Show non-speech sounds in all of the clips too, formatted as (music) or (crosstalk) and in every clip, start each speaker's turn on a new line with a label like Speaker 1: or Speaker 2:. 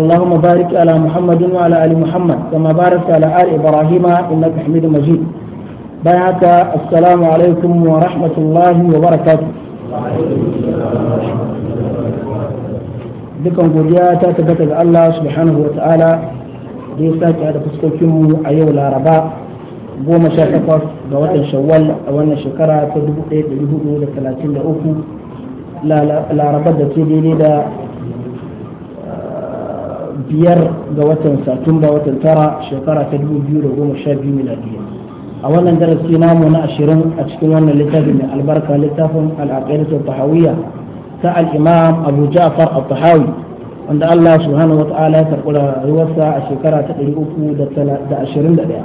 Speaker 1: اللهم بارك على محمد وعلى آل محمد كما باركت على آل إبراهيم إنك حميد مجيد بارك السلام عليكم ورحمة الله وبركاته dukan godiya ta tabbata ga Allah subhanahu wa ta'ala da ya sake da fuskokinmu a yau laraba goma sha takwas ga watan shawwal a wannan shekara ta 1433 laraba da ke daidai da biyar ga watan satumba watan tara shekara ta dubu biyu da goma sha biyu miladiya a wannan darasi namu na ashirin a cikin wannan littafin mai albarka littafin al'aqidatu tahawiyya ta al-imam abu ja'far at-tahawi wanda Allah subhanahu wa ta'ala ya karɓi rayuwarsa a shekara ta ɗari uku da ashirin da ɗaya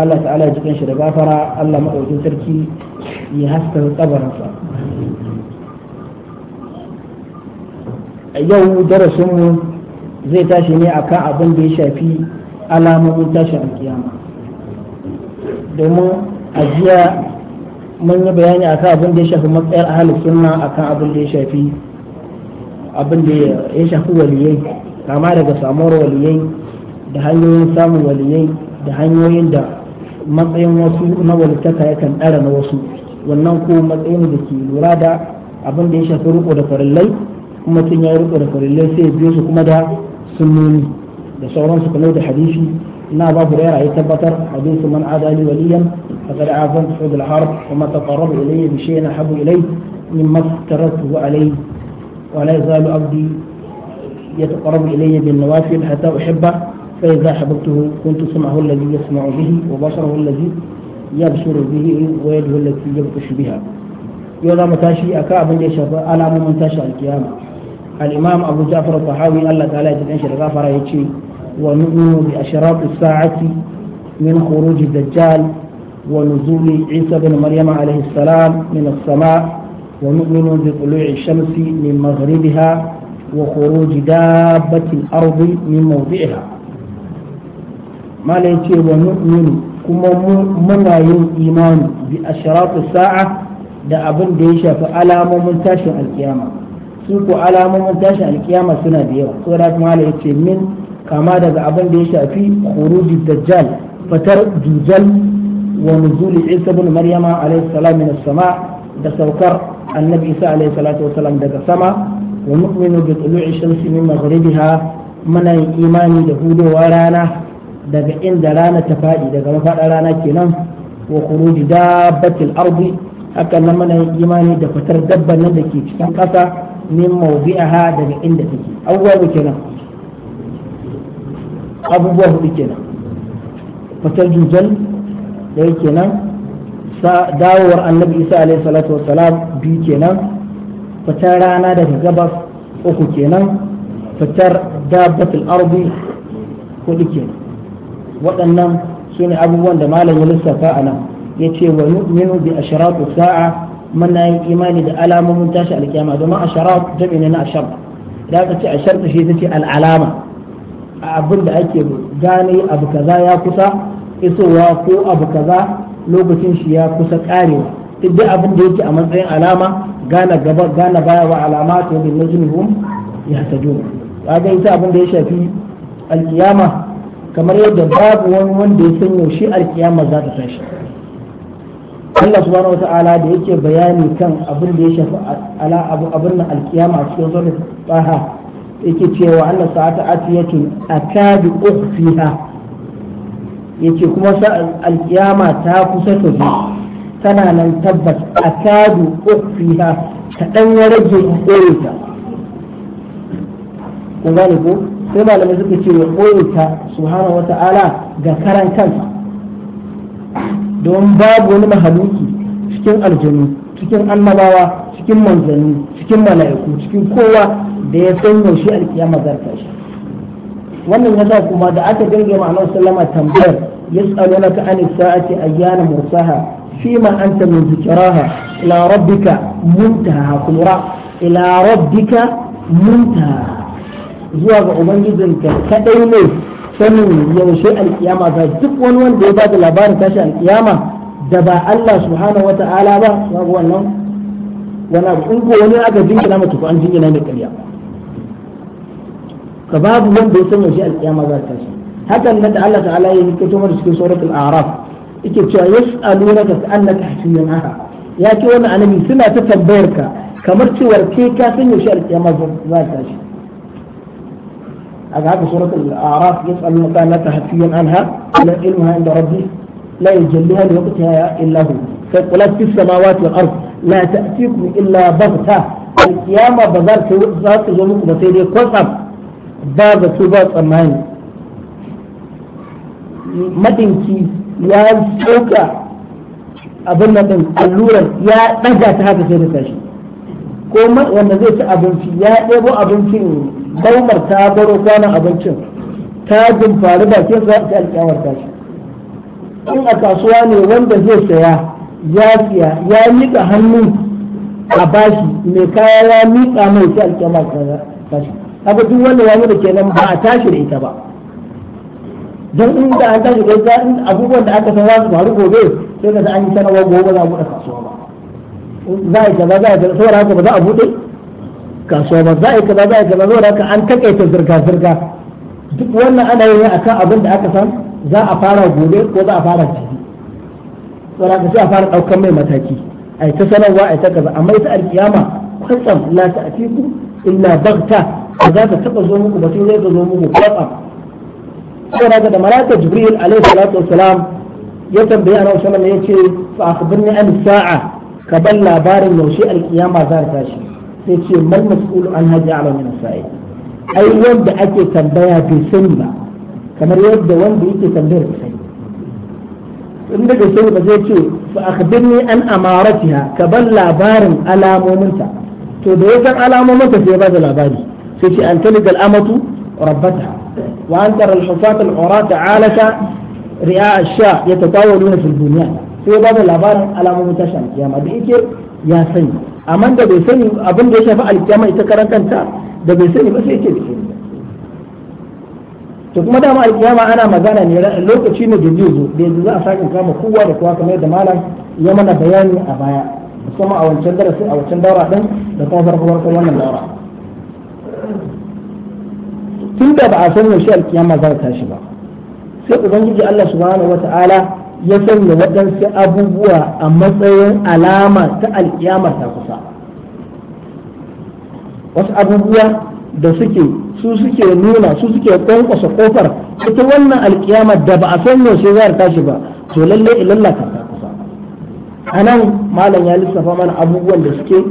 Speaker 1: Allah ta'ala ya jikin shi da gafara Allah maɗaukin sarki ya haska kabarinsa a yau darasinmu zai tashi ne akan abin da ya shafi alamomin a kiyama domin a jiya mun yi bayani akan abin da ya shafi matsayar ahalus sunna akan abin da ya shafi abin da ya shafi waliyai kama daga samuwar waliyai da hanyoyin samun waliyai da hanyoyin da matsayin wasu na walittaka yakan ɗara na wasu wannan ko matsayin da ke lura da abin da ya shafi riko da farillai kuma tun ya riko da farillai sai biyo su kuma da سنوني da sauransu kamar da hadisi na babu rera ya tabbatar hadisu man adali waliyan فقد عافنته وما تقرب الي بشيء احب الي مما افترضته عليه ولا يزال أبدي يتقرب الي بالنوافل حتى احبه فاذا احببته كنت سمعه الذي يسمع به وبصره الذي يبصر به ويده التي يبطش بها يوم متاشي اكا ابن يشفى ألا من تاشي القيامه الإمام أبو جعفر الطحاوي الله تعالى يتنشر الغفرة يتشي ونؤمن بأشراط الساعة من خروج الدجال ونزول عيسى بن مريم عليه السلام من السماء ونؤمن بطلوع الشمس من مغربها وخروج دابة الأرض من موضعها ما ليتي ونؤمن كما منا إيمان بأشراط الساعة da abin da ya shafi القيامة su ko alamomin tashi alkiyama suna da yawa saboda kuma Allah yace min kama daga abin da ya shafi khuruji dajjal fatar dujal wa nuzuli isa ibn maryama alayhi salam min as-sama da saukar annabi isa alayhi salatu daga sama wa nu'minu bi tulu'i shamsi min maghribiha muna imani da hudowa rana daga inda rana ta faɗi daga mafaɗa rana kenan wa khuruji dabbatil ardi hakan nan muna yin imani da fitar dabban nan da ke cikin ƙasa min mawdi'aha daga inda take abubuwa ne kenan abubuwa hudu kenan fatar jujal da yake nan dawowar annabi isa alaihi salatu wassalam biyu kenan fitar rana daga gabas uku kenan fitar dabbatul ardi hudu kenan waɗannan su ne abubuwan da malam ya lissafa a nan ya ce wa yu'minu bi ashratu sa'a muna yin imani da alamomin tashi alkiyama domin a sharaf jami ne na ashar da aka ce ashar ta shi ta ce al'alama a abin da ake gane abu kaza ya kusa isowa ko abu kaza lokacin shi ya kusa karewa duk da abin da yake a matsayin alama gane gaba gane baya wa alama to bin najmihum ya tajo kaga ita abin da ya shafi alkiyama kamar yadda babu wani wanda ya sanyo shi alkiyama za ta tashi Allah subhanahu wata'ala da yake bayani kan abin da ya shafi ala abu abin nan alkiyama a cikin zuwa tsaha yake cewa Allah sa'ata atiyatu akadu ukhfiha yake kuma alkiyama ta kusa ta zo tana nan tabbas akadu ukhfiha kaɗan ya rage in ɓoye kun gane ko sai malamai suka ce ya su ta subhanahu wata'ala ga karan kansa don babu wani mahaluki cikin aljanu cikin annabawa cikin manzanni cikin mala'iku cikin kowa da ya san yaushe alkiyama za ta shi wannan yasa kuma da aka dinga ma annabi sallama tambayar yas'alunaka anis sa'ati ayyana mursaha fima anta min zikraha ila rabbika muntaha kulura ila rabbika muntaha zuwa ga ubangijinka kadai ne sanin yaushe alkiyama ga duk wani wanda ya bada labarin tashi alkiyama da ba Allah subhanahu ta'ala ba babu wannan wani abu in ko wani aka jingina mata ko an jingina mai ƙarya ka babu wanda ya san yaushe alkiyama za tashi hakan nan da Allah ta'ala ya yi kato mana cikin suratul a'raf yake cewa yas'aluna ka annaka hafiyun haka ya ce wani annabi suna ta tambayar ka kamar cewar kai ka san yaushe alkiyama za tashi أقعد سورة الأعراف يسأل يسألونك لا تهفيا عنها ولا علمها عند ربي لا يجلها لوقتها إلا هو فقلت في السماوات والأرض لا تأتيكم إلا بغتة القيامة في وقت ذلك بسيدي قصب باب توبات أمان مدنكي يا سوكا أبنى من اللورة يا نجا هذا سيدي تاشي ko wanda zai ci abinci ya ɗebo abincin daumar ta baro kwanan abincin ta jimfari bakin sa ta alƙawar ta in a kasuwa ne wanda zai saya ya siya ya miƙa hannu a bashi mai kaya ya miƙa mai ta alƙawar ta shi duk wanda ya da kenan ba a tashi da ita ba don in da an tashi da ita abubuwan da aka san za su faru gobe sai ka an yi sanarwar gobe za a buɗe kasuwa ba za a yi kaza za a yi kaza saboda haka ba za a buɗe kasuwa ba za a yi kaza za a yi kaza saboda haka an takaita zirga-zirga duk wannan ana yi akan abin da aka san za a fara gobe ko za a fara jibi saboda haka sai a fara ɗaukar mai mataki a yi ta sanarwa a yi ta kaza amma ita alkiyama kwatsam la ta'tiku illa baghta ba za ta taɓa zo muku ba sai zai zo muku kwatsam saboda da malaka jibril alaihi salatu wassalam ya tambaye annabi sama alaihi ya ce fa akhbirni an sa'a ka bar labarin yaushe alkiyama za ta tashi sai ce mal mas'ulu an haji ala min sa'i ai wanda ake tambaya bai sani ba kamar yadda wanda yake tambayar bai sani in da bai sani ba zai ce fa akhbirni an amaratiha ka bar labarin alamominta to da ya san alamominta sai ba da labari sai ce an talidal amatu rabbataha wa an tara al-hufat al-urata alaka ri'a ash-sha yatatawaruna fi al duniya. sai ba da labarin alamomin tashin alkiyama da yake ya sani amma da bai sani abin da ya shafi alkiyama ita karan kanta da bai sani ba sai yake da sani to kuma dama alkiyama ana magana ne lokaci ne da zai zo da yanzu za a sake kama kowa da kowa kamar yadda malam ya mana bayani a baya musamman a wancan darasi a wancan daura din da kuma farko farko wannan daura tun da ba a san yaushe alkiyama za ta tashi ba sai ubangiji Allah subhanahu wataala ya sanya waɗansu abubuwa a matsayin alama ta alƙiyama ta kusa wasu abubuwa da suke su suke nuna su suke kwankwasa kofar ita wannan alƙiyamar da ba a san yaushe za tashi ba to lalle ilalla ka ta kusa nan malam ya lissafa mana abubuwan da suke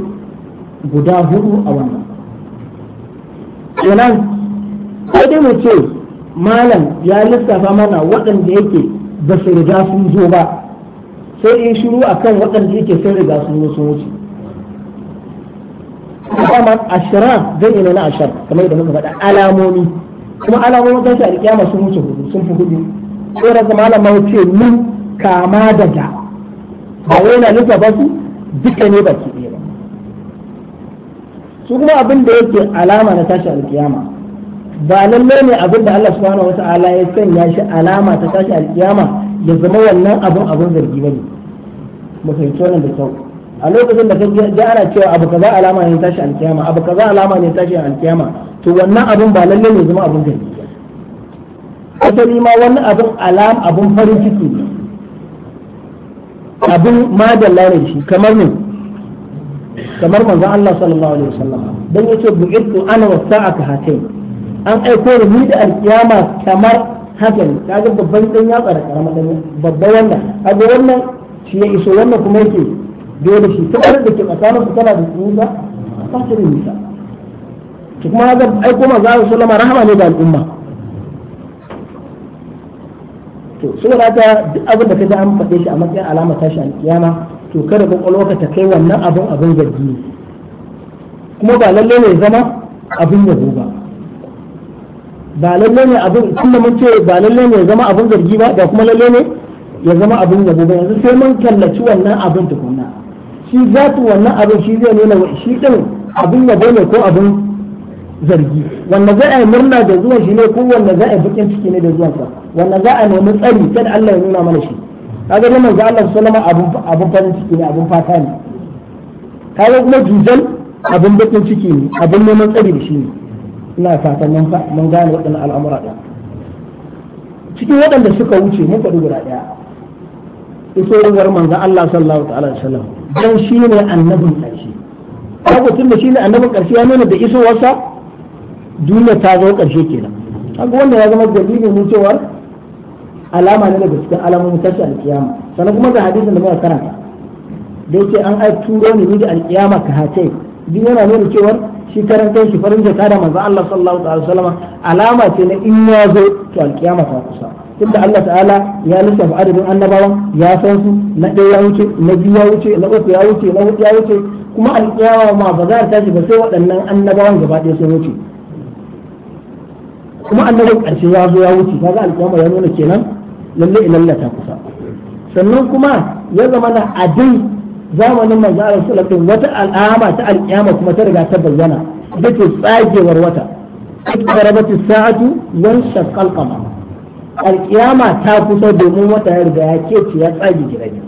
Speaker 1: guda hudu a wannan kenan sai dai mu ce malam ya lissafa mana waɗanda yake ba su riga sun zo ba sai yi shiru a kan waɗanda yake sun riga sun zo sun wuce kuma ashira zai yi na ashar kamar yadda muka faɗa alamomi kuma alamomin tashi alƙiyama sun wuce hudu sun fi hudu sai da zama ya ce mun kama daga ba wai na nufa ba su duka ne baki ɗaya ba su kuma abin da yake alama na tashi alƙiyama ba lalle ne abin da Allah subhanahu wata'ala ya sanya shi alama ta tashi alkiyama ya zama wannan abin abin zargi bane mu fahimci wannan da kyau a lokacin da kake ji ana cewa abu kaza alama ne tashi alkiyama abu kaza alama ne tashi alkiyama to wannan abin ba lalle ne zama abin zargi asali ma wannan abin alam abin farin ciki ne abin madalla ne shi kamar ne kamar manzon Allah sallallahu alaihi wasallam dan yace bu'ittu ana wasa'aka hatain an aiko da ni da alkiyama kamar haka ne kaga babban dan ya da karamar dan babban wannan kaga wannan shi ya iso wannan kuma yake dole shi kamar da ke tsakanin su tana da tsuga ba ta da nisa To kuma haka aiko manzo Allah sallama rahama ne da al'umma to saboda ta duk abin da ka kaje an faɗe shi a matsayin alama tashi alkiyama to kada ka ta kai wannan abin abin zargi kuma ba lallai ne zama abin yabo ba ba lalle ne abin kuma mun ce ba lalle ne ya zama abin zargi ba ba kuma lalle ne ya zama abin yabo ba yanzu sai mun kallaci wannan abin tukunna shi zatu wannan abin shi zai nuna wa shi din abin yabo ne ko abin zargi wanda za a yi murna da zuwan shi ne ko wanda za a yi bukin ciki ne da sa wanda za a nemi tsari kada Allah ya nuna mana shi kaga ne manzo Allah sallama abin abin farin ciki ne abin fata ne kaga kuma jujal abin bakin ciki ne abin neman tsari da shi ne ina fatan mun gane waɗannan al'amura ɗin cikin waɗanda suka wuce mun faɗi guda ɗaya ruwar manzo Allah sallallahu ta'ala alaihi wasallam dan shi ne annabin ƙarshe lokacin da shi ne annabin ƙarshe ya nuna da iso wasa duniya ta zo ƙarshe kenan kaga wanda ya zama dalilin mun cewar alama ne daga cikin alamomin tashi alkiyama sannan kuma ga hadisin da muka karanta da yake an ai turo ne da alkiyama ka hace duk yana nuna cewar shi karan shi farin jaka da manzo Allah sallallahu alaihi wasallam alama ce na in ya zo to alkiyama ta kusa tunda Allah ta'ala ya lissafa adadin annabawa ya san su na ɗaya ya wuce na biyu ya wuce na uku ya wuce na hudu ya wuce kuma alkiyama ma ba za ta tashi ba sai waɗannan annabawan gaba ɗaya sun wuce kuma annabin ƙarshe ya zo ya wuce kaga alkiyama ya nuna kenan lalle ilalla ta kusa sannan kuma ya zama na adai zamanin manzo Allah sallallahu alaihi wata al'ama ta alƙiyama kuma ta riga ta bayyana ita tsagewar wata qarabati sa'atu wan shaqqal qamar alƙiyama ta kusa domin wata ya riga ya ce ya tsage gidaje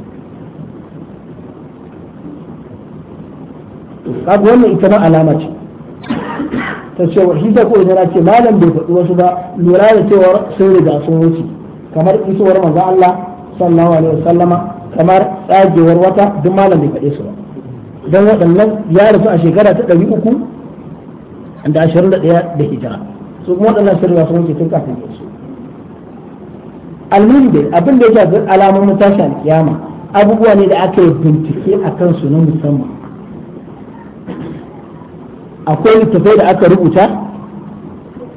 Speaker 1: kaga wannan ita ma alama ce ta ce wa hita ko idan ce malam bai faɗi wasu ba lura da cewa sun riga sun wuce kamar isowar manzo Allah sallallahu alaihi wasallama kamar tsagewar wata duk malam bai faɗe su ba don waɗannan ya rasu a shekara ta ɗari uku da ashirin da ɗaya da hijira su kuma waɗannan sirri wasu wanke tun kafin su almuhim dai abin da ya shafi alamomin tashi alkiyama abubuwa ne da aka yi bincike a kansu na musamman akwai littattafai da aka rubuta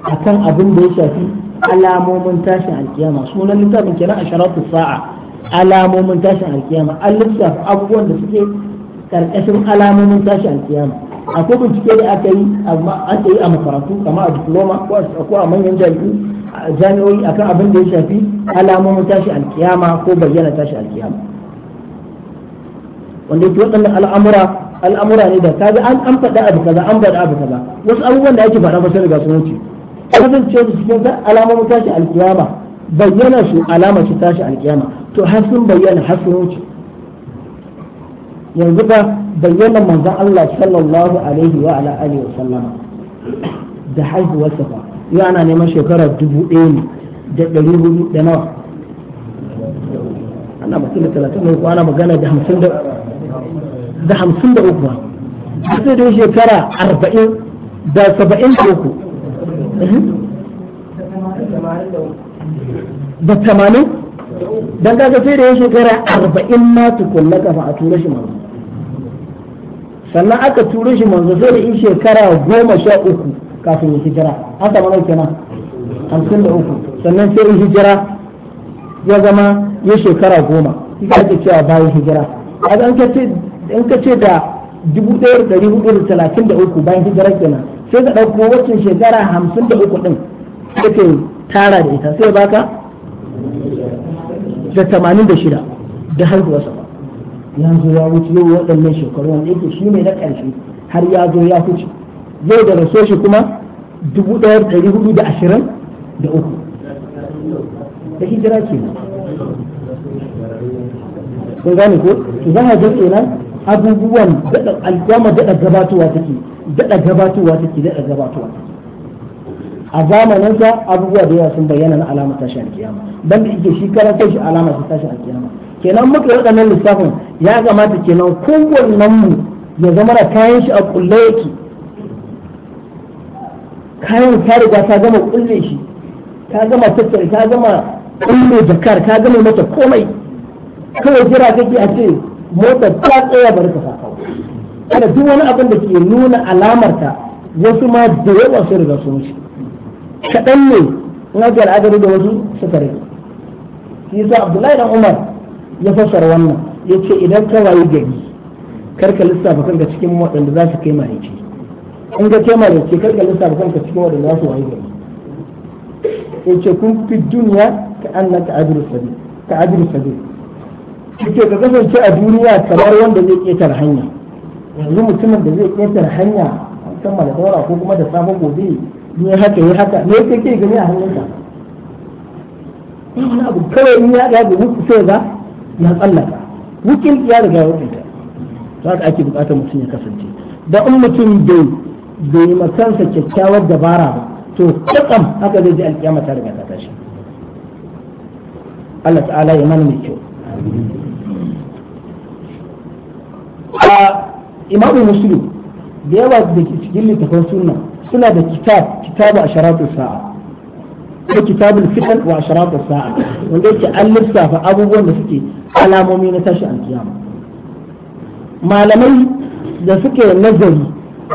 Speaker 1: akan abin da ya shafi alamomin tashin alkiyama sunan littafin kenan a sharatu sa'a alamomin tashin alkiyama an lissafa abubuwan da suke karkashin alamomin tashin alkiyama akwai bincike da aka yi aka yi a makarantu kamar a diploma ko a manyan jami'u jami'o'i akan abin da ya shafi alamomin tashin alkiyama ko bayyana tashin alkiyama wanda yake waɗannan al'amura al'amura ne da kaga an an faɗa abu kaza an faɗa abu kaza wasu abubuwan da ake faɗa ba sun riga sun wuce kasance su cikin alamomin tashin alkiyama bayyana su alama ce tashi alkiyama to har sun bayyana har sun wuce yanzu ba bayyana manzon Allah sallallahu alaihi wa ala alihi wa sallam da haihuwar sa ba yau ana neman shekara dubu ɗaya ne da ɗari hudu da nawa ana mutum da talatin da uku magana da hamsin da da hamsin da uku ba sai dai shekara arba'in da saba'in da uku da tamanin dan kaga sai da ya shekara arba'in ma tukunna kafa a tura shi manzo sannan aka tura shi manzo sai da in shekara goma sha uku kafin ya hijira an samu nau kenan hamsin da uku sannan sai in hijira ya zama ya shekara goma ita ake cewa bayan hijira a in ka ce da dubu ɗaya da dari hudu da talatin da uku bayan hijira kenan sai ka ɗauko waccan shekara hamsin da uku ɗin sai ka tara da ita sai baka da tamanin da shida da haihuwa ba yanzu ya wuce yau waɗannan shekaru wanda yake shi ne na ƙarshe har ya zo ya huce yau da raso shi kuma dubu ɗaya ɗari hudu da ashirin da uku da hijira ke
Speaker 2: kun gane ko to za a ga kenan
Speaker 1: abubuwan daɗa daɗa gabatowa take daɗa gabatowa take daɗa gabatowa a zamanin sa abubuwa da yawa sun bayyana na alama tashi alkiyama ban da yake shi karan shi alama ta tashi alkiyama kenan muka yi wadannan lissafin ya kamata kenan kowannen mu ya zama da kayan shi a kulle yake kayan ta riga ta gama kulle shi ta gama tattare ta gama kulle jakar ta gama mata komai kawai jira kake a ce motar ta tsaya bari ka sakawa kada duk wani abin da ke nuna alamarta wasu ma da yawa sun riga sun wuce kaɗan ne na aka al'adari da wasu suka rage shi yasa abdullahi dan umar ya fassar wannan ya ce idan ka wayi gari karka lissafa kanka cikin waɗanda za su kai maraice in ka kai maraice karka lissafa kanka cikin waɗanda za su wayi gari ya ce kun fi duniya ka an na ta'adiru sabi ta'adiru sabi kike ka kasance a duniya kamar wanda zai ƙetare hanya yanzu mutumin da zai ƙetare hanya musamman da daura ko kuma da sabon gobe ne haka ya haka me yake ke gani a hannunka wani abu kawai in ya ga wuce sai ga ya tsallaka wukin ya riga ya wuce ta haka ake bukatar mutum ya kasance da in mutum bai bai makansa kyakkyawar dabara ba to kakam haka zai ji alkiyama ta riga ta tashi Allah ta'ala ya mana mai kyau a imamu Musulun da yawa da cikin littafin sunan. suna da kitab kitabu a sharatun sa'a ko kitabul fitan wa sharatun sa'a wanda yake an lissafa abubuwan da suke alamomi na tashi alkiyama malamai da suke nazari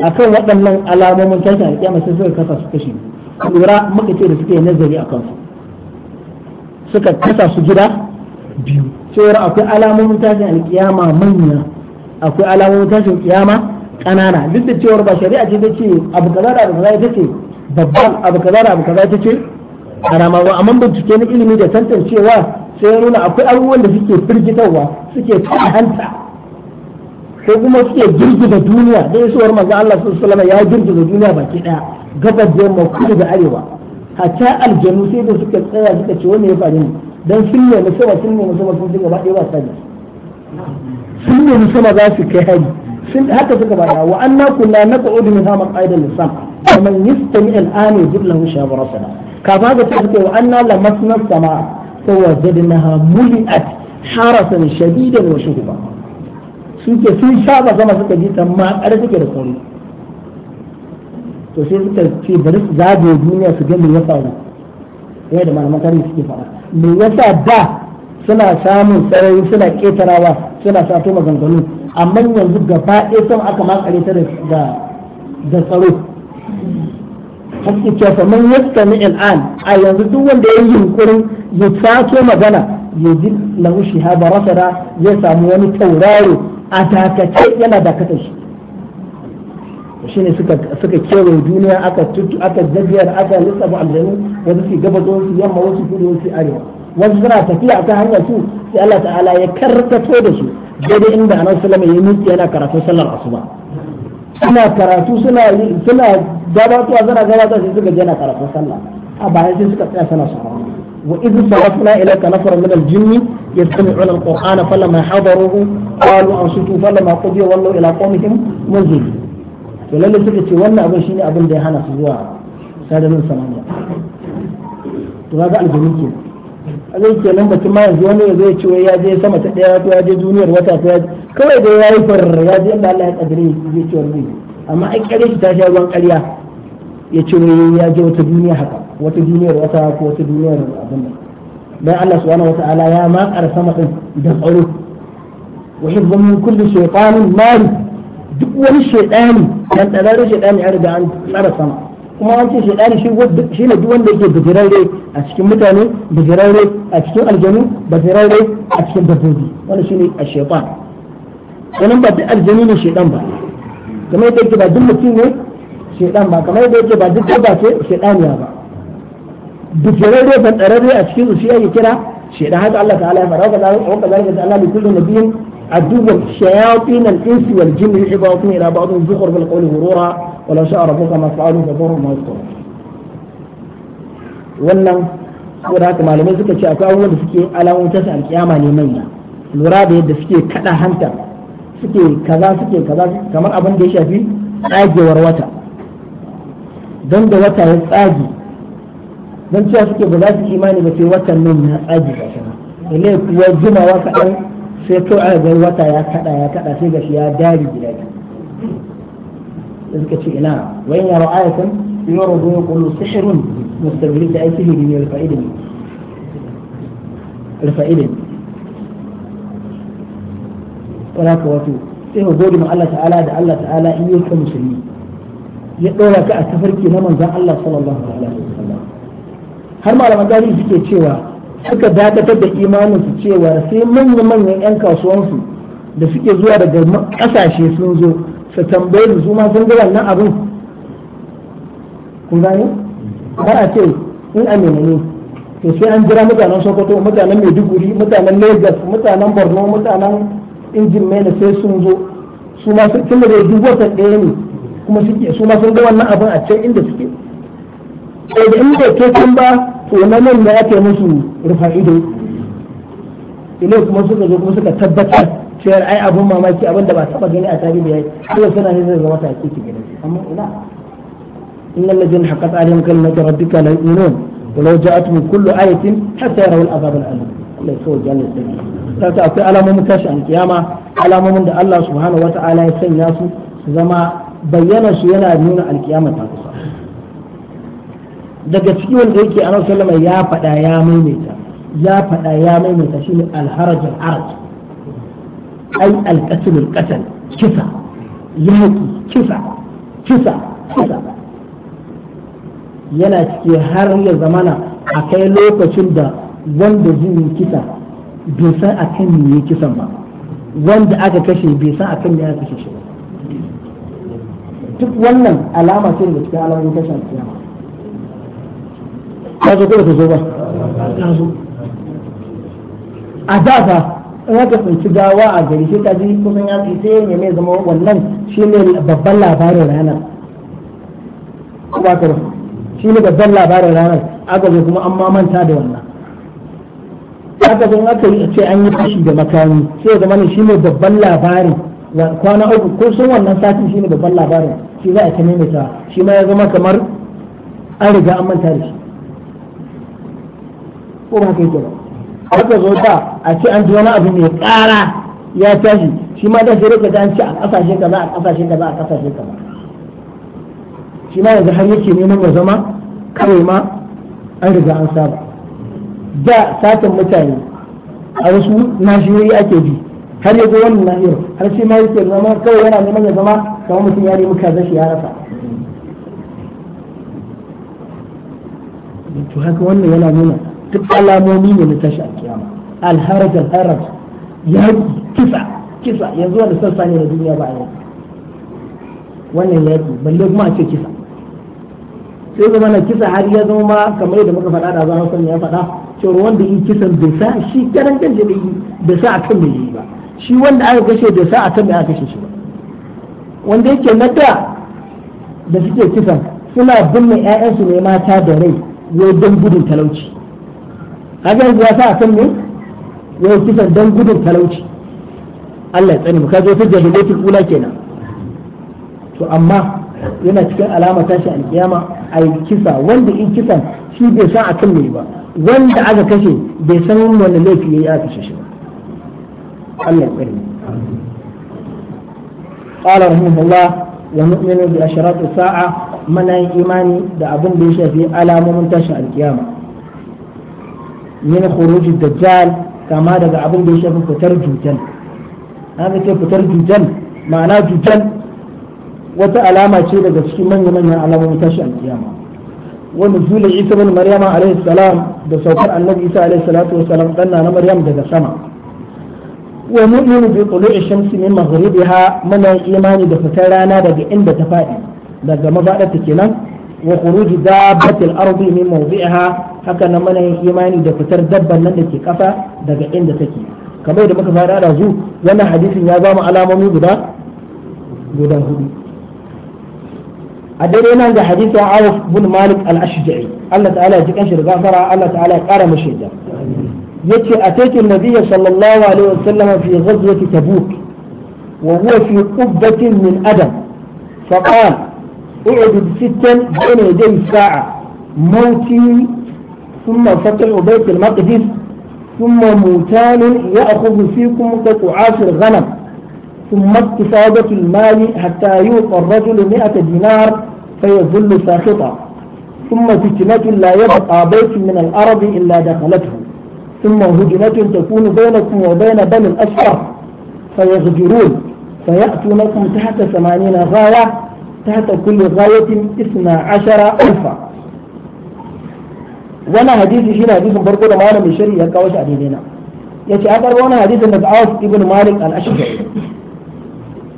Speaker 1: akan waɗannan alamomin tashi alkiyama sai suka kasa su kashi lura muka ce da suke nazari a kansu suka kasa su gida biyu cewar akwai alamomin tashin alkiyama manya akwai alamomin tashin alkiyama kanana duk da cewar ba shari'a ce take abu kaza da abu kaza ita ce babban abu kaza da abu kaza ita ce karama ba amma bincike na ilimi da tantancewa sai ya nuna akwai abubuwan da suke firgitarwa suke hanta ko kuma suke girgiza duniya da isuwar manzo Allah sallallahu alaihi wasallam ya girgiza duniya baki daya gabar da yamma kudu da arewa hatta aljanu sai da suka tsaya suka ce wannan ya faru ne dan sun ne musamman sun ne musamman sun gaba ɗaya ba sani sun ne musamman za su kai hari sun haka suka bada wa anna kunna naq'udu min hama qaidan lisam wa man yastami al'an yajid lahu shabara sana kafa haka ta suke wa anna lamasna samaa fa wajadnaha muli'at harasan shadidan wa shuhuba suke sun shaba sama suka ji ta ma kare suke da kori to sai suka ce bari su zagaye duniya su ga me ya faru yadda malaman tarihi suke faɗa me yasa da suna samun sarari suna ketarawa suna sato maganganu amma yanzu gaba ɗaya sama aka makare ta da tsaro hakika fa man yasta ni al'an a yanzu duk wanda ya yi yunkurin ya sato magana ya ji lahu shihaba rasara ya samu wani tauraro a dakace yana dakatar shi shi ne suka kewaye duniya aka tuttu aka jajiyar aka lissafa aljanu wasu su gabas wasu yamma wasu kudu wasu arewa wasu suna tafiya akan hanyar su sai Allah ta'ala ya karkato da su daidai inda anan sallallahu alaihi wasallam ya miƙe yana karatu sallar asuba suna karatu suna suna gabatuwa suna gabatuwa sai suka je yana karatu sallah a bayan sai suka tsaya suna sauraro wa idh sarafna ilayka nafaran min al-jinni yastami'una al-qur'ana falamma hadaruhu qalu ansitu falamma qudiya wallahu ila qawmihim munzir to lalle suka ce wannan abin shine abin da ya hana su zuwa sadarin samaniya to ga aljanni kenan zai ke nan batun ma yanzu wani zai ce ya je sama ta daya ko ya je duniyar wata ko ya kawai da ya yi far ya je inda Allah ya kadare zai ce wani amma ai kare shi ta sha ruwan ƙarya ya ce ya je wata duniya haka wata duniyar wata ko wata duniyar abin nan dan Allah subhanahu wataala ya makar sama din da tsaro wa hibban min kulli shaytanin mari duk wani shaytani dan tsararre shaytani ya riga an tsara sama kuma an ce shaidani shi shi ne duk wanda yake bijirarre a cikin mutane bijirarre a cikin aljanu bijirarre a cikin dabbobi wannan shine a shaytan wannan ba duk aljanu ne shaidan ba kamar yadda yake ba duk mutum ne shaidan ba kamar yadda yake ba duk dabba ce shaidaniya ba bijirarre ban tsararre a cikin su shi ake kira shaidan haka Allah ta'ala ya fara wa Allah ja'alna li na biyun. عدوا الشياطين الانس والجن يوحي بعضهم الى بعض الزخر بالقول غرورا ولو شاء ربك ما فعلوا فضرهم ما يذكرون wannan saboda haka malamai suka ce akwai abubuwan da suke alamun tasa alkiyama ne manya lura da yadda suke kada hanta suke kaza suke kaza kamar abin da ya shafi tsagewar wata don da wata ya tsage don cewa suke ba za su imani ba sai watan nan ya tsage ba shi ne kuwa jimawa kaɗan sai to aka ga wata ya kada ya kada sai gashi ya dari gida biyu suka ce ina wa in yaro ayatan yaro ya kullu sihrun mustabili da aiki ne alfa'idin alfa'idin wala ka wato sai mu gode mu Allah ta'ala da Allah ta'ala in yi ka musulmi ya ɗora ka a tafarki na manzon Allah sallallahu alaihi wasallam har malaman tarihi suke cewa suka dakatar da imanin su cewa sai manyan manyan yan kasuwansu da suke zuwa daga kasashe sun zo su tambaye su ma sun ga wannan abin kun gani ba a ce in a ne to sai an jira mutanen sokoto mutanen maiduguri mutanen lagos mutanen borno mutanen injin mai sai sun zo su ma sun tunda da duk wata ɗaya ne kuma suke su ma sun ga wannan abin a can inda suke sai da in ba ke kan ba to na nan da ake musu rufa ido ile kuma suka zo kuma suka tabbatar cewa ai abun mamaki abin da ba taba gani a tarihi yayi Allah suna ne zai zama take ki gani amma ina innal ladina haqqat alaihim kalimatu rabbika la yu'minun walau ja'atuhum kullu ayatin hatta yarawul azab al-alim Allah ya so jalla sai ta akwai alamomin tashi an kiyama alamomin da Allah subhanahu wata'ala ya sanya su su zama bayyana su yana nuna alkiyama ta kusa daga ciki wanda yake nan sallama ya faɗa ya maimaita ya faɗa ya maimaita shine Alharajin alharaj ai alqatl alqatl kisa yaki kisa kisa kisa yana ciki har ya zamana a kai lokacin da wanda zai yi kisa bai san akan me yake kisan ba wanda aka kashe bai san akan me aka kashe shi ba duk wannan alama ce da cikin alamun kashe kiyama ta zo ko zo ba zo a da fa in aka tsinci gawa a gari shi ta ji kusan ya sai ne mai zama wannan shi ne babban labarin ranar kuma ka shi ne babban labarin ranar aka zo kuma an mamanta da wannan aka zo aka yi ce an yi fashi da makami sai zama ne shi ne babban labarin kwana uku ko sun wannan satin shi ne babban labarin shi za a ta maimaita shi ma ya zama kamar an riga an manta da shi ko ba kai kenan haka zo da a ce an ji wani abu mai kara ya tashi shi ma da sai ka an ce a kasashe kaza a kasashe kaza a kasashe kaza shi ma yanzu har yake neman ya zama kawai ma an riga an saba da satin mutane a wasu nashiyoyi ake bi har ya zo wannan nahiyar har shi ma yake zama kawai yana neman ya zama kamar mutum ya nemi kaza shi ya rasa to haka wannan yana nuna duk alamomi ne na tashi a kiyama alharaj alharaj ya kisa kisa yanzu wanda sassa ne na duniya ba a yau wannan ya yaƙi balle kuma a ce kisa sai zama na kisa har ya zama ma kamar yadda muka faɗa da zama son ya faɗa cewa wanda yi kisan bai sa shi karan kan da yi bai sa akan mai yi ba shi wanda aka kashe bai sa akan mai aka kashe shi ba wanda yake na da da suke kisan suna binne 'ya'yansu ne mata da rai wai don gudun talauci kaga yanzu ya sa a kan ne yau kisan dan gudun talauci Allah ya tsani mu kaje wata jahilatul kula kenan to amma yana cikin alama tashi alkiyama ai kisa wanda in kisan shi bai san akan me ba wanda aka kashe bai san wani laifi yayi aka kashe shi ba Allah ya tsani قال رحمه الله ونؤمن بأشراط الساعة من إيماني da abin da ya shafi alamomin tashin alkiyama min khurujid dajjal kama daga abin da ya shafi fitar jujal haka ce fitar jujal ma'ana jujal wata alama ce daga cikin manya-manyan alamomin tashi alkiyama wa nuzul Isa bin Maryam alaihi da saukar Annabi Isa alaihi salatu wa salam na Maryam daga sama wa mu'minu bi tulu'i shamsi min maghribiha mana imani da fitar rana daga inda ta fadi daga mafadarta kenan wa khuruji dabbatil ardi min mawdi'iha haka nan mana yin imani da fitar dabban nan da ke kafa daga inda take kamar da muka fara da zu wannan hadisin ya zama alamomi guda guda hudu a dare nan ga hadisi hadisin Auf bin Malik al-Ashja'i Allah ta'ala ya ji kanshi da gafara Allah ta'ala ya kara mishi da yace ataitu an-nabiyya sallallahu alaihi wasallam fi ghazwati tabuk wa huwa fi qubbatin min adam fa فقال اعدد ستا بين يدي الساعة موتي ثم فتح بيت المقدس ثم موتان يأخذ فيكم قطعات الغنم ثم استفادة المال حتى يوقى الرجل مئة دينار فيظل ساخطا ثم فتنة لا يبقى بيت من الأرض إلا دخلته ثم هجنة تكون بينكم وبين بني الأشقر فيغجرون فيأتونكم تحت ثمانين غاية تحت كل غاية اثنا عشر ألفا wannan hadisi shine hadisin farko da malamin shari'a ya kawo shi a daidai na yace a karbo wannan hadisin daga Auf ibn Malik al-Ashja'i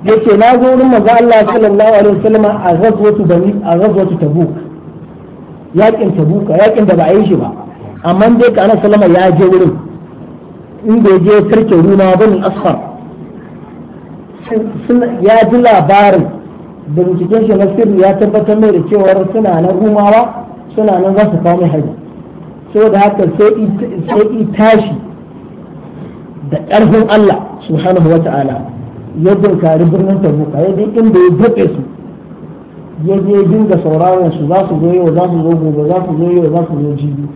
Speaker 1: yace na zo wurin manzo Allah sallallahu alaihi wasallam a ghazwatu bani a ghazwatu Tabuk yakin Tabuk yakin da ba a yi shi ba amma dai ka ana sallallahu ya je wurin inda ya je sarkin Runa bani Asfar ya ji labarin da binciken shi na sirri ya tabbatar mai da cewar suna na Rumawa suna nan za su kawo mai hari saboda haka sai in tashi da ƙarfin Allah subhanahu wa ta'ala ya dinkari birnin tabuka ya dai inda ya daɗe su ya je dinga sauraron su za su zo yau za su zo gobe za su zo yau za su zo jibi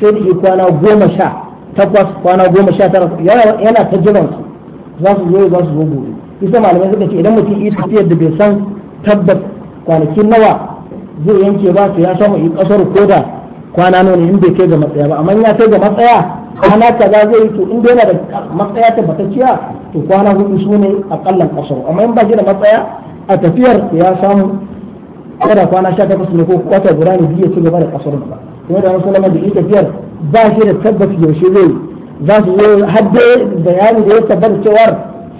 Speaker 1: sai da kwana goma sha takwas kwana goma sha tara yana ta jiran su za su zo yau za su zo gobe isa malamai suka ce idan mutum yi tafiyar da bai san tabbat kwanakin nawa zai yanke ba su ya samu yi kasar koda kwana nawa in bai kai ga matsaya ba amma ya kai ga matsaya kwana kaza zai yi to in dai yana da matsaya tabbatacciya to kwana hudu su ne kallon kasar amma in ba shi da matsaya a tafiyar ya samu kada kwana sha takwas ne ko wata guda ne biyu ya ci gaba da kasar ba kuma da wasu lamar da ita tafiyar ba shi da tabbaci yaushe zai za su yi har bayani da ya tabbata cewar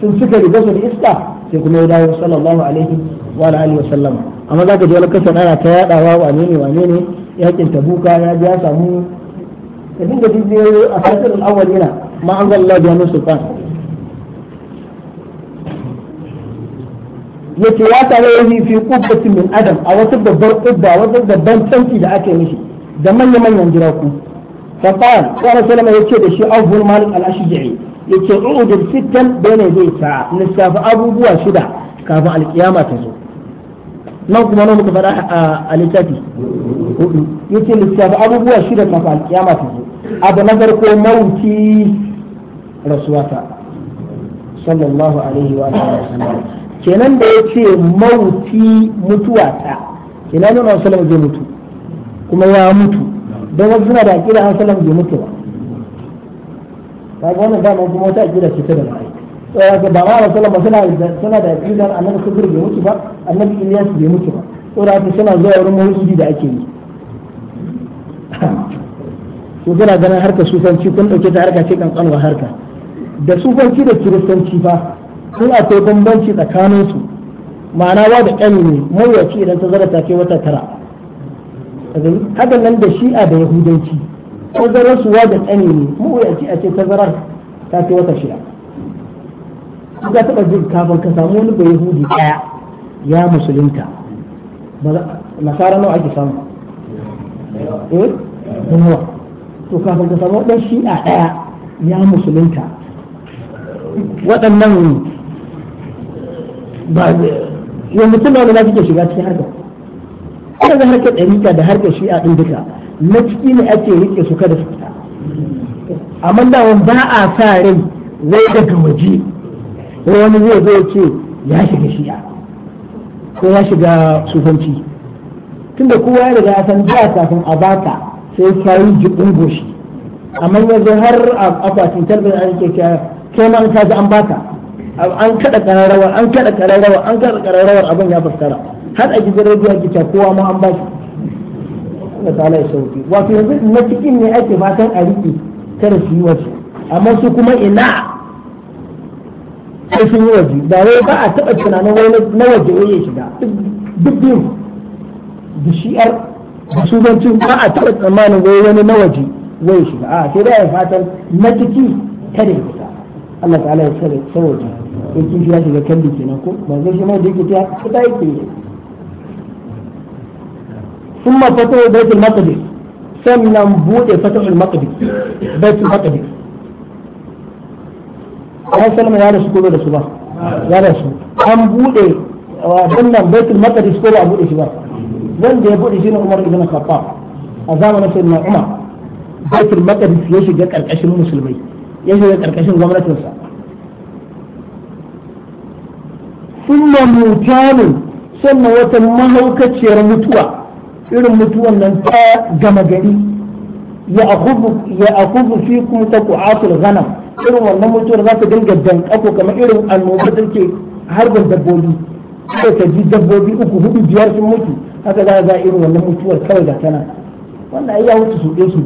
Speaker 1: sun cika rigar su da iska sai kuma ya dawo sallallahu alaihi wa alihi wa sallam amma zaka ji wani kasan ana ta yadawa wa ne wane ne yakin tabuka ya ji ya samu da dinga jijiyoyi a sakin al'awalina ma an zalla biya min sultan yace ya tare yaji fi kubbatin min adam a wata babbar kubba wata babban tanki da aka yi mishi da manya-manyan jiraku fa qala sallallahu alaihi wa sallam yace da shi abul malik al-ashja'i yace udud sittan bayna zai ta lissafi abubuwa shida kafin alkiyama ta zo nan kuma nan muka faɗa a littafi hudu yace lissafi abubuwa shida kafin alkiyama ta zo abu na farko mauti rasuwata sallallahu alaihi wa sallam kenan da yace mauti mutuwata kenan nan sallallahu alaihi wa sallam zai mutu kuma ya mutu don wasu suna da akida an sallallahu alaihi wa sallam mutu kaga wannan dama kuma wata aqida ce ta da mai to ba ma rasulullah suna suna da aqidar annabi kubur bai mutu ba annabi ilyas bai mutu ba to da haka suna zuwa wurin maulidi da ake yi su (laughs) suna ganin harkar sufanci kun dauke ta harka ce kankanwa harka da sufanci da kiristanci fa sun akwai bambanci tsakanin su ma'ana wa da ƙani ne mawuyaci idan ta zara ta ke wata tara hakan nan da shi'a da yahudanci tazarar su wa da tsani ne mu ya ce a ce tazarar ta ce wata shida ka taɓa jin kafin ka samu wani bai yahudi ɗaya ya musulunta nasara nawa ake samu eh nawa to kafin ka samu ɗan shi'a ɗaya ya musulunta waɗannan ba yanzu tun da wani za shiga cikin harkar kuma da harkar ɗarika da harkar shi'a ɗin duka na ciki ne ake rike su kada su fita amma da ba a sa rai wai daga waje ko wani zai zo ce ya shiga shiya ko ya shiga sufanci tunda kowa ya riga san ba kafin a baka sai ka ji ungoshi amma yanzu har a akwatin tarbiyya an ke kai ma an kaji an baka an kada kararrawar an kada kararrawar an kada kararrawar abin ya fassara har a gidan rediyo gita kowa ma an baki na ta'ala ya shauki wato yanzu na cikin ne ake fatan a riƙe kada su yi waje amma su kuma ina sai sun yi waje ba wai ba a taɓa tunanin wani na waje wai ya shiga duk biyu da shi'ar da shugabancin ba a taɓa tsammanin wai wani na waje wai ya shiga a sai da a fatan na ciki kada ya fita Allah ta'ala ya sauke in kishi shiga kan kenan ko ba zai shi ma da yake ta ta yake ثم فتح بيت المقدس سنن بوده فتح المقدس بيت المقدس Allah sallama ya rasu ko da su ba ya rasu an bude wannan baitul maqdis ko ba bude shi ba wanda ya bude shi ne Umar ibn Khattab a zamanin sayyidina Umar baitul maqdis ya shiga karkashin musulmai ya shiga karkashin gwamnatinsa ثم موتان sannan wata mahaukaciyar mutuwa irin mutuwan nan ta gama gari ya akubu fi kuma ta ku'atul ghanam irin wannan mutuwar za ta dinga danƙako kamar irin annoba take harbin dabbobi sai ka ji dabbobi uku hudu biyar sun mutu haka za ga irin wannan mutuwar kawai ga tana wannan ai ya wuce su ɗin su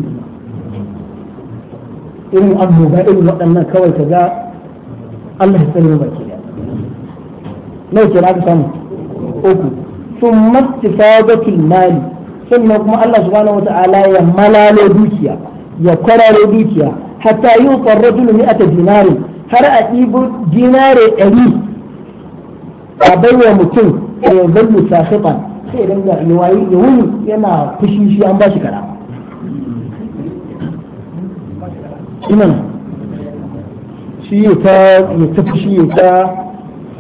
Speaker 1: irin annoba irin waɗannan kawai ta ga Allah ya tsare baki da nau ke na ka samu uku sun mastifabatul mali sannan kuma Allah subhanahu wata'ala ya malalo dukiya ya kwararo dukiya hatta yi ukon rajulu mi'ata dinari har a ɗibo dinare ɗari a baiwa mutum ya zallu sahiban sai idan ga yawayi ya wuni yana fushi shi an ba shi kara shi ya ta fushi ya ta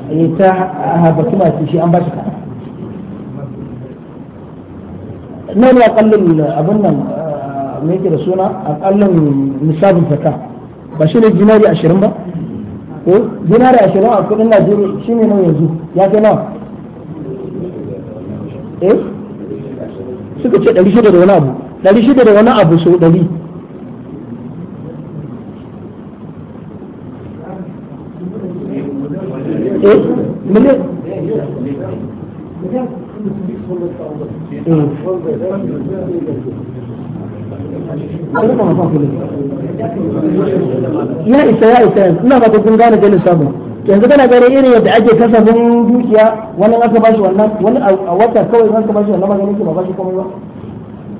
Speaker 1: ya ta masu shi an ba shi kara nan ya kallon abin nan ah, me yake da suna kallon nisabin zaka ba shi ne dinari ashirin ba ko dinari ashirin a kudin najeriya shi ne nan yanzu ya kai nawa eh suka ce ɗari shida da wani abu ɗari shida da wani abu sau ɗari
Speaker 2: eh miliyan ya
Speaker 1: isa ya isa yanzu ina fata kun gane ganin samu yanzu kana gani irin yadda ake kasafin dukiya wani aka bashi wannan wani a wata kawai aka bashi wannan ba ganin ba bashi komai ba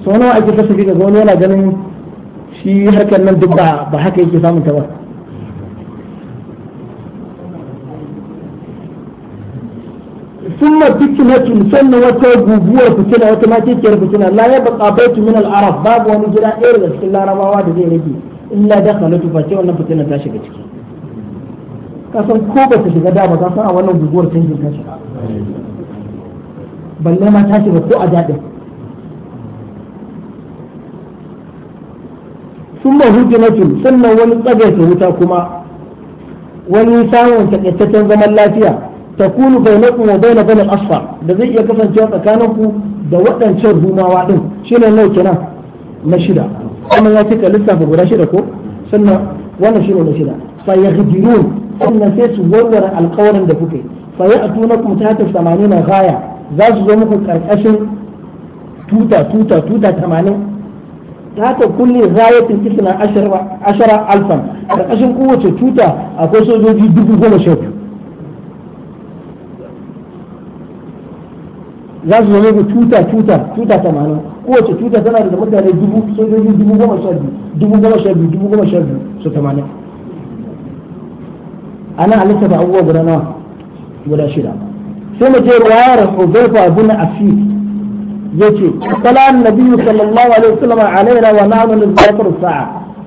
Speaker 1: so nawa ake kasafi ga wani yana ganin shi harkar nan duk ba haka yake samun ta ba ثم فتنة سنة وتغبوة فتنة وتماتيكير فتنة لا يبقى بيت من العرب باب ونجرى إير إلا رواوا ربا ربي إلا دخلت فتنة وأن فتنة تاشك تشكي كاسم كوبة تشكي دابة كاسم أولا غبوة تنجل تاشك بل لما تاشك تو أدادة ثم هجنة سنة ونطبع تهوتا كما ونسان ونسان ونسان ونسان فيها takunu bainakum wa bain bani asfar da zai iya kasancewa tsakaninku da waɗancan rumawa din shine nawa kenan na shida kuma ya cika lissafa guda shida ko sannan wannan shine na shida fa yaghdirun sannan sai su warware alƙawarin da kuke fa ya'tunakum tahta 80 ghaya za su zo muku karkashin tuta tuta tuta tamanin 80 tahta kulli ghayatin isna ashara alfan karkashin kowace tuta akwai sojoji dubu goma sha biyu za su zama tuta tuta tuta tamanin kowace tuta tana da mutane dubu sojoji dubu goma sha biyu dubu goma sha biyu dubu goma sha biyu su tamanin ana halitta da abubuwa guda nawa guda shida sai mu je ce ruwayar hudaifa bin asif yace salam nabiyyu sallallahu alaihi wasallam alaina wa nahnu nadhakuru sa'a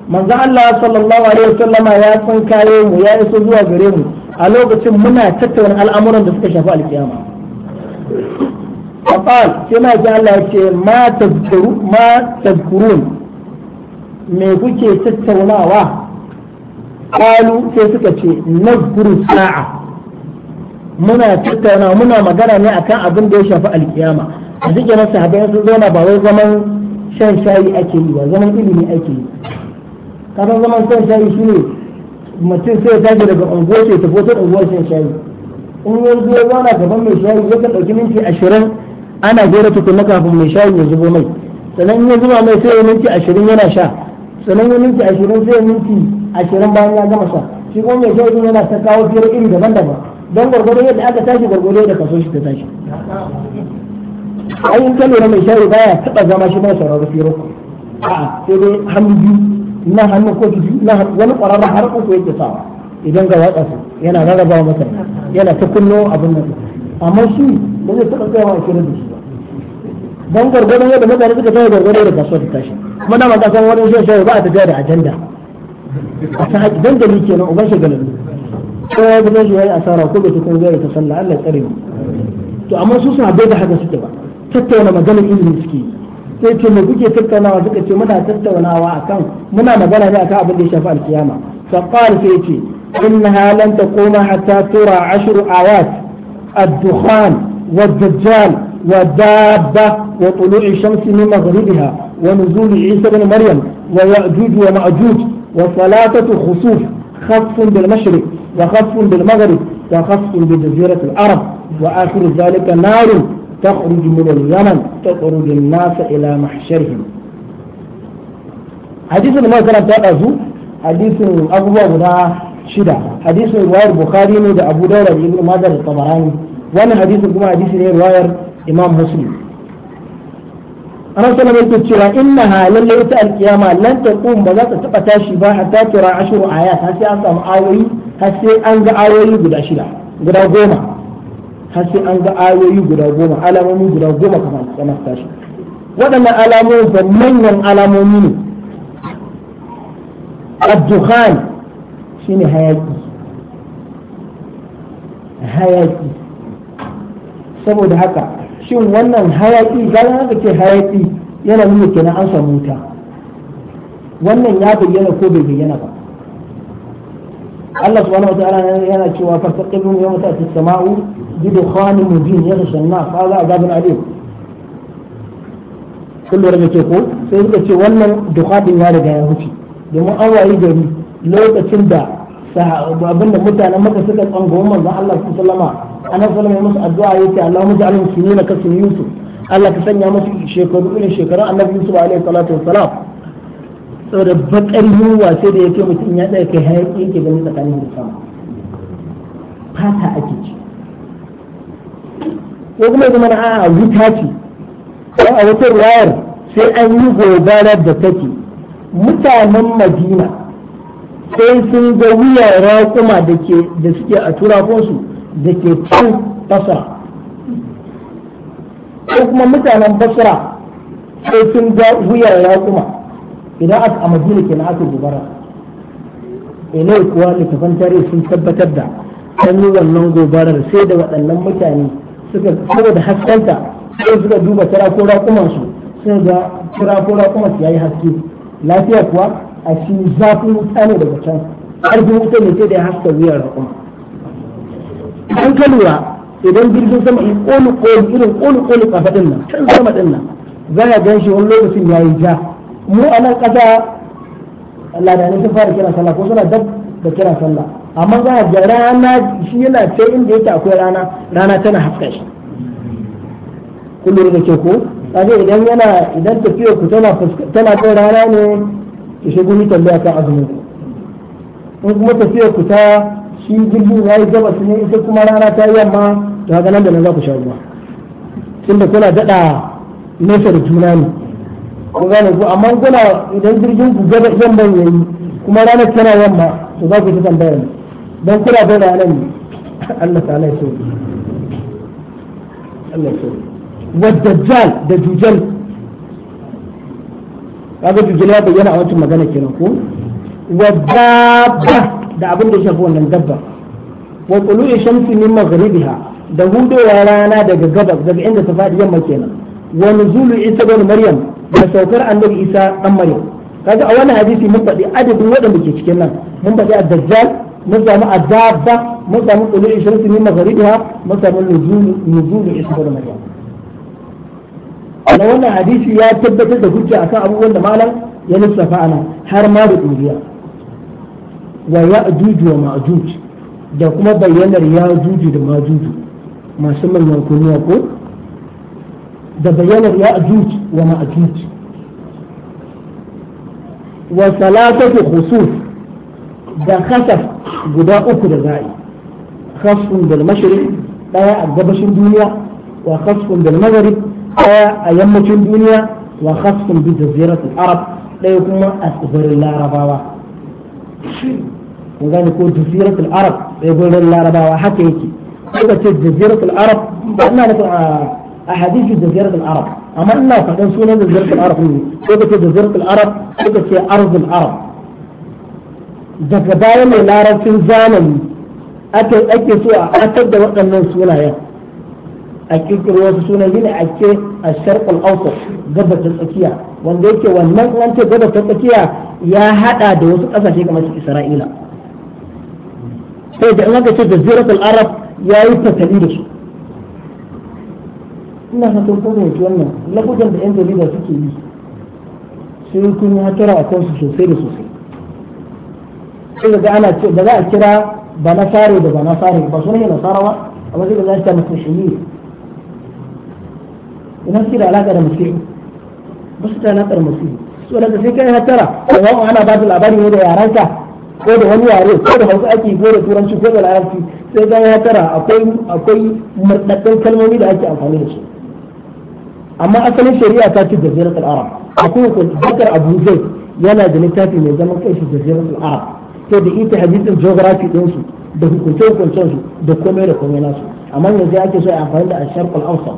Speaker 1: manzo Allah sallallahu alaihi wasallam ya san kaye mu ya iso zuwa gare mu a lokacin muna tattauna al'amuran da suka shafi alkiyama فقال كما قال الله ما تذكرون ما me kuke tattaunawa kalu sai suka ce nazkuru sa'a muna tattaunawa muna magana ne akan abin da ya shafi alkiyama a suke na sahabai sun zauna ba wai zaman shan shayi ake yi ba zaman ilimi ake yi kasan zaman shan shayi shine mutum sai ya daga unguwar ce ta fotar unguwar shan shayi in yanzu ya zauna kaban mai shayi ya ka ɗauki minti ashirin ana hira tukuna kafin mai shayin ya zubo mai sannan ya zuba mai sai ya minti ashirin yana sha sannan ya minti ashirin sai ya minti ashirin bayan ya gama sha shi kuma mai shayin yana ta kawo jera iri daban-daban don gwargwado yadda aka tashi gwargwado yadda kaso shi ta tashi ai in ka mai shayi baya taba zama shi ba sauraro fira a'a sai dai hannu biyu na hannu ko biyu na wani ƙwararren har uku yake sawa idan ga watsa su yana rarraba masa yana ta kunno abin nan amma shi ba zai taɓa tsayawa a shirin da shi don gwargwadon yadda mutane suka tashi gwargwadon da kasuwa ta tashi kuma dama ka san wani shi shi ba a tafiya da ajanda a ta haƙi don dalili kenan uban shi galabi ko ya ga shi yayi asara ko bai tukun zai ta sallah Allah ya tsare mu to amma su suna bai da haka suke ba tattauna maganar ilimi suke sai ce me kuke tattaunawa suka ce muna tattaunawa akan muna magana ne akan abin da ya shafi alkiyama fa qala sai ce innaha lan taquma hatta tura ashru ayat الدخان والدجال ودابة وطلوع الشمس من مغربها ونزول عيسى بن مريم ويأجوج ومأجوج وثلاثة خصوف خف بالمشرق وخف بالمغرب وخف بجزيرة العرب وآخر ذلك نار تخرج من اليمن تخرج الناس إلى محشرهم حديث ما كان تأذو حديث أبو هنا شدة حديث رواية البخاري من أبو داود ابن ماجد الطبراني وأنا حديث كما حديث رواية imam muslim rasul mai ke cewa inna halalla ita alkiyama lan taqum ba za ta taba tashi ba hatta tura ashru ayat har sai an samu ayoyi har sai an ga ayoyi guda shida guda goma har sai an ga ayoyi guda goma alamomi guda goma kamar sama tashi waɗannan alamomi da manyan alamomi ne ad-dukhan shine hayaki hayaki saboda haka shin wannan hayaki bayan haka ke hayaki yana nuna kenan an samu wuta wannan ya bayyana ko bai bayyana ba Allah subhanahu wataala yana cewa fartaqibu yawma ta'ti as-sama'u bi dukhanin mubin yaghsha an-nas hadha azabun alim kullu da ke ko sai suka ce wannan dukhanin ya riga ya wuce domin an wayi gari lokacin da abinda mutanen maka suka tsango manzon Allah sallallahu alaihi annabi sallallahu alaihi wasallam addu'a yake Allahumma ja'alhum sunina ka sun yusuf Allah ka sanya musu shekaru irin shekaru annabi yusuf alaihi salatu wassalam saboda bakar yunwa sai da yake mutum ya tsaya kai hayaki yake ganin tsakanin da sama fata ake ci ko kuma zama na a wuta ce ko a wutar wayar sai an yi gobarar da take mutanen madina sai sun ga wuyar raƙuma da suke a turafinsu da ke can basra ko kuma mutanen basra sai sun ga wuyar raƙuma idan aka a madina na aka gobara ilai kuwa littafan tarihi sun tabbatar da an yi wannan gobarar sai da waɗannan mutane suka da haskanta sai suka duba ko raƙumansu sai ga ko raƙumansu ya yi haske lafiya kuwa a cikin zafin wuta ne daga can ƙarfin wuta ne sai da ya haska wuyar kuma. idan ka lura idan jirgin sama in ƙoli ƙoli irin ƙoli ƙoli a faɗin nan can sama ɗin nan za a gan shi wani lokacin ya yi ja mu a nan ƙasa ladanin sun fara kira sallah ko suna dab da kira sallah amma za a ga rana shi yana ce inda yake akwai rana rana tana haska shi kullum da ke ko kaje idan yana idan tafiyar ku tana tana kai rana ne ki shigo ni tambaya ka azumi ku in kuma tafiyar ku ta shi jirgin ya yi gabas ne ita kuma rana ta yi yamma to haka nan da nan za ku sha ruwa tunda kuna daɗa nesa da juna ne ku gane ku amma kuna idan jirgin ku gaba yamma ya yi kuma ranar tana yamma to za ku ji tambayar ne don kuna da nan ne Allah ta Allah ya so Allah ya so wa dajjal da dujal kaga dujal ya bayyana a wancan magana kenan ko wa dabba da abin da ya shafi wannan dabba wa qulu shamsi min maghribiha da ya rana daga gabas daga inda ta faɗi yamma kenan wa nuzulu isa bin maryam da saukar annabi isa dan maryam kaga a wannan hadisi mun faɗi adadin waɗanda ke cikin nan mun faɗi ad-dajjal mun samu adabba mun samu qulu shamsi min maghribiha mun samu nuzulu nuzulu isa bin maryam wannan hadisi ya tabbatar da hujja akan abubuwan da malam ya lissafa ana har ma da dubiya wa ya'juj wa ma'juj da kuma bayyanar ya'juj da ma'juj masu manyan kunuwa ko da bayyanar ya'juj wa ma'juj wa salatatu khusuf da khasaf guda uku da za'i khasfun bil mashriq daya a gabashin duniya wa khasfun bil maghrib daya a yammacin duniya wa khasfun bi jaziratul arab daya kuma a tsibirin larabawa kun gane ko jaziratul arab sai gurin larabawa haka yake suka ce jaziratul arab ba ina nufin a ah, hadisi jaziratul arab amma ina faɗin sunan jaziratul arab ne suka ce jaziratul arab suka ce arzul arab daga baya mai larabcin zamani ake ake so a atar da waɗannan sunayen a kirkiro wasu sunayi ne ake a sharqul awsat gabas tsakiya wanda yake wannan an ce gabas tsakiya ya hada da wasu ƙasashe kamar isra'ila sai da ina ka ce jaziratul arab yayi fatali da su ina fatan ko mai wannan lafazan da yan jarida suke yi sai kun yi hatara a kansu sosai da sosai sai da ana ce da za a kira ba na sare da ba na sare ba sunan yana sarawa amma sai da za a ta musulmi ina suke da alaƙa da musulmi ba su da alaƙa da musulmi so daga sai kai hatara da ana ba da labari ne da yaranka ko da wani yare ko da hausa ake ko da turanci ko da larabci sai ga ya tara akwai akwai murɗaɗɗen kalmomi da ake amfani da su amma asalin shari'a ta ce al arab akwai ko bakar abu zai yana da littafi mai zaman kai shi al arab to da ita hadisin geography din su da hukuncin hukuncen su da komai da komai nasu amma yanzu ake so a amfani da asharqul awsat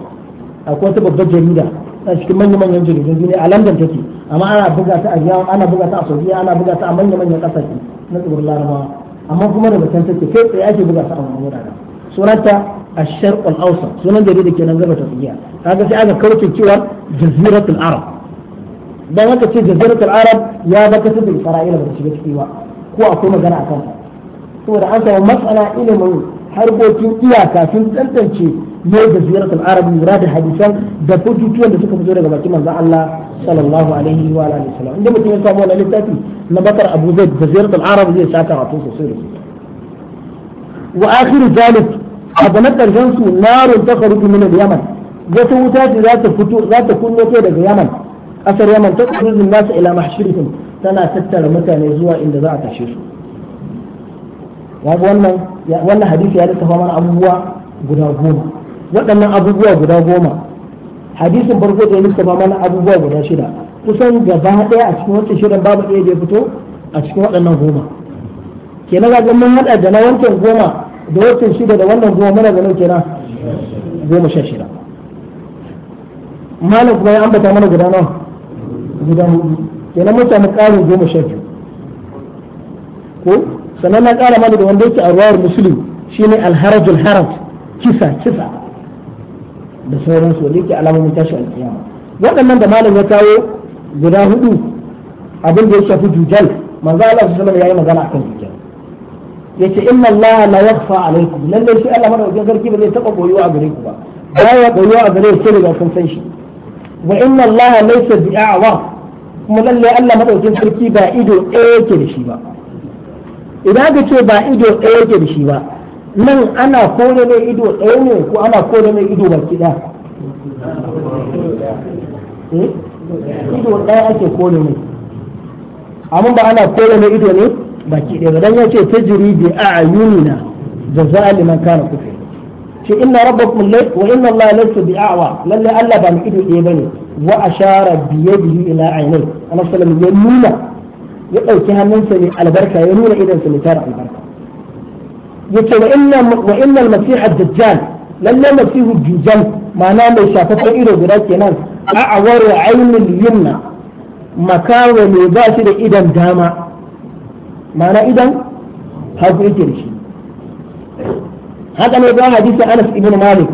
Speaker 1: akwai wata babbar jarida a cikin manya-manyan jaridun duniya a London take ama ana buga ta a riyawa ana buga a saudiya ana buga a manya-manyan kasashe na tsibirin larabawa amma kuma da bakin sake kai tsaye ake buga ta a wani wurare sunanta a sharqul ausa sunan jarida kenan zaba ta ga kaga sai aka kauce cewa jaziratul arab dan haka ce jaziratul arab ya baka ta da isra'ila da ta shiga ciki ba ko akwai magana akan ta saboda an samu matsala ilimin harkokin iyaka sun tantance ne da ziyartar arab lura da hadisan da fututuwan da suka fito daga bakin manzon Allah sallallahu alaihi wa alihi wasallam inda mutum ya samu wannan littafi na bakar abu zai da ziyaratul arab zai saka wato sosai da wa akhiru zalik abu na karshen su ta karu min al-yaman wata wuta ce za ta fito za ta kunno ta daga yaman kasar yaman ta kudu nasu ila mahshirihim tana tattara mutane zuwa inda za a tashe su wannan wannan hadisi ya lissafa mana abubuwa guda goma waɗannan abubuwa guda goma hadisin farko da ya lissafa mana abubuwa guda shida kusan gaba ɗaya a cikin wancan shirin babu ɗaya da ya fito a cikin waɗannan goma kenan ga mun haɗa da na wancan goma da wancan shida da wannan goma muna ganin kenan goma sha shida malam kuma ya ambata mana guda nawa guda hudu kenan mun samu ƙarin goma sha biyu ko sannan na ƙara mana da wanda yake a ruwayar musulun shine alharajul haraj kisa kisa da sauransu wanda yake alamomin tashi alƙiyama waɗannan da malam ya kawo guda hudu abin da ya shafi jujal manzo Allah sallallahu alaihi wasallam yayi magana akan jujal yace inna Allah la yakhfa alaikum nan dai shi Allah madaukakin sarki ba zai taba koyo a gare ku ba baya koyo a gare ku sai da kun san shi wa inna Allah laysa bi'awa kuma lalle Allah madaukakin sarki ba ido ɗaya yake da shi ba idan ka ce ba ido ɗaya yake da shi ba nan ana kone mai ido ɗaya ne ko ana kone mai ido baki ɗaya
Speaker 2: eh? ido ɗaya
Speaker 1: ake kore mai amma ba ana kone mai ido ne baki ɗaya ba dan ya ce tajiri bi a ayunina jaza'a liman kana kufir ce inna rabbakum lay wa inna allaha laysa bi'awa lalle Allah ba mai ido ɗaya bane wa ashara bi yadihi ila aynai annabi sallallahu alaihi wasallam ya nuna ya ɗauki hannunsa ne albarka ya nuna idansa ne tara albarka yace wa inna wa dajjal lalle masihu dujjal ma'ana mai shafaffen ido guda kenan a awara ainul yumna makawa ne ba shi da idan dama ma'ana idan hagu yake da shi haka ne ba hadisi Anas ibn Malik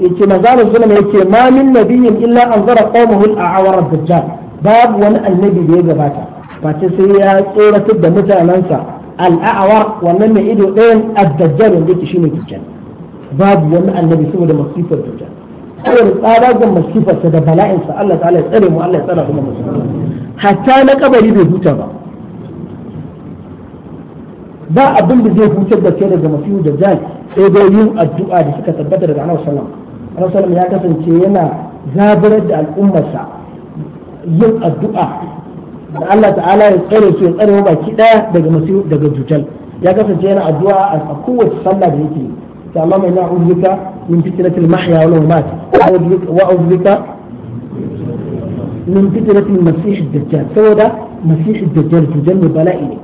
Speaker 1: yace manzo Allah sallallahu alaihi ma min nabiyyin illa anzara qawmuhu al a ad-dajjal babu wani annabi da ya gabata face sai ya tsoratar da mutanensa al'awar wannan mai ido ɗayan addajjal wanda yake shine dajjal babu wani annabi saboda masifar dajjal saboda tsaragen masifarsa da bala'insa Allah ta'ala ya tsare mu Allah ya tsara kuma musulmi hatta na kabari bai huta ba ba abin da zai hutar da kai daga masihu da jal sai dai yin addu'a da suka tabbata daga Annabi sallallahu alaihi wasallam ya kasance yana zabirar da al'ummarsa yin addu'a da Allah ta'ala ya tsare su ya tsare mu baki daya daga masu daga jutal ya kasance yana addu'a a kowace sallah da yake ta amma mai na'udhu bika min fitnatil mahya wal mamat wa a'udhu bika min fitnatil masih ad-dajjal saboda masih ad-dajjal jutal ne bala'i ne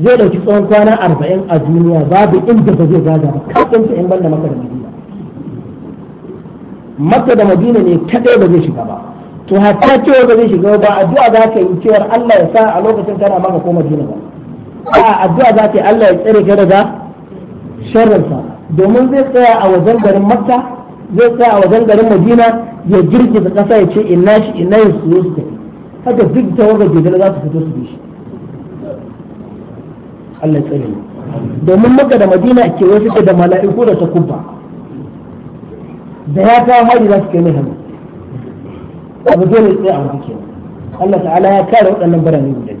Speaker 1: zai dauki tsawon kwana 40 a duniya babu inda ba zai gaza ba kafin ta in banda maka da madina maka da madina ne kadai ba zai shiga ba to hatta cewa ba zai shiga ba addu'a za ka yi cewar Allah ya sa a lokacin kana maka ko Madina ba a addu'a za ka yi Allah ya tsare ka daga sharrinsa domin zai tsaya a wajen garin Makka zai tsaya a wajen garin Madina ya girgiza kasa ya ce inna shi inna ya su su haka duk tawagar jejjela za su fito su bi shi Allah ya tsare domin Makka da Madina ke wasu da mala'iku da takubba da ya kawo hari za su kai mai hannu abu dole sai a wuce Allah ta'ala ya kare waɗannan birane guda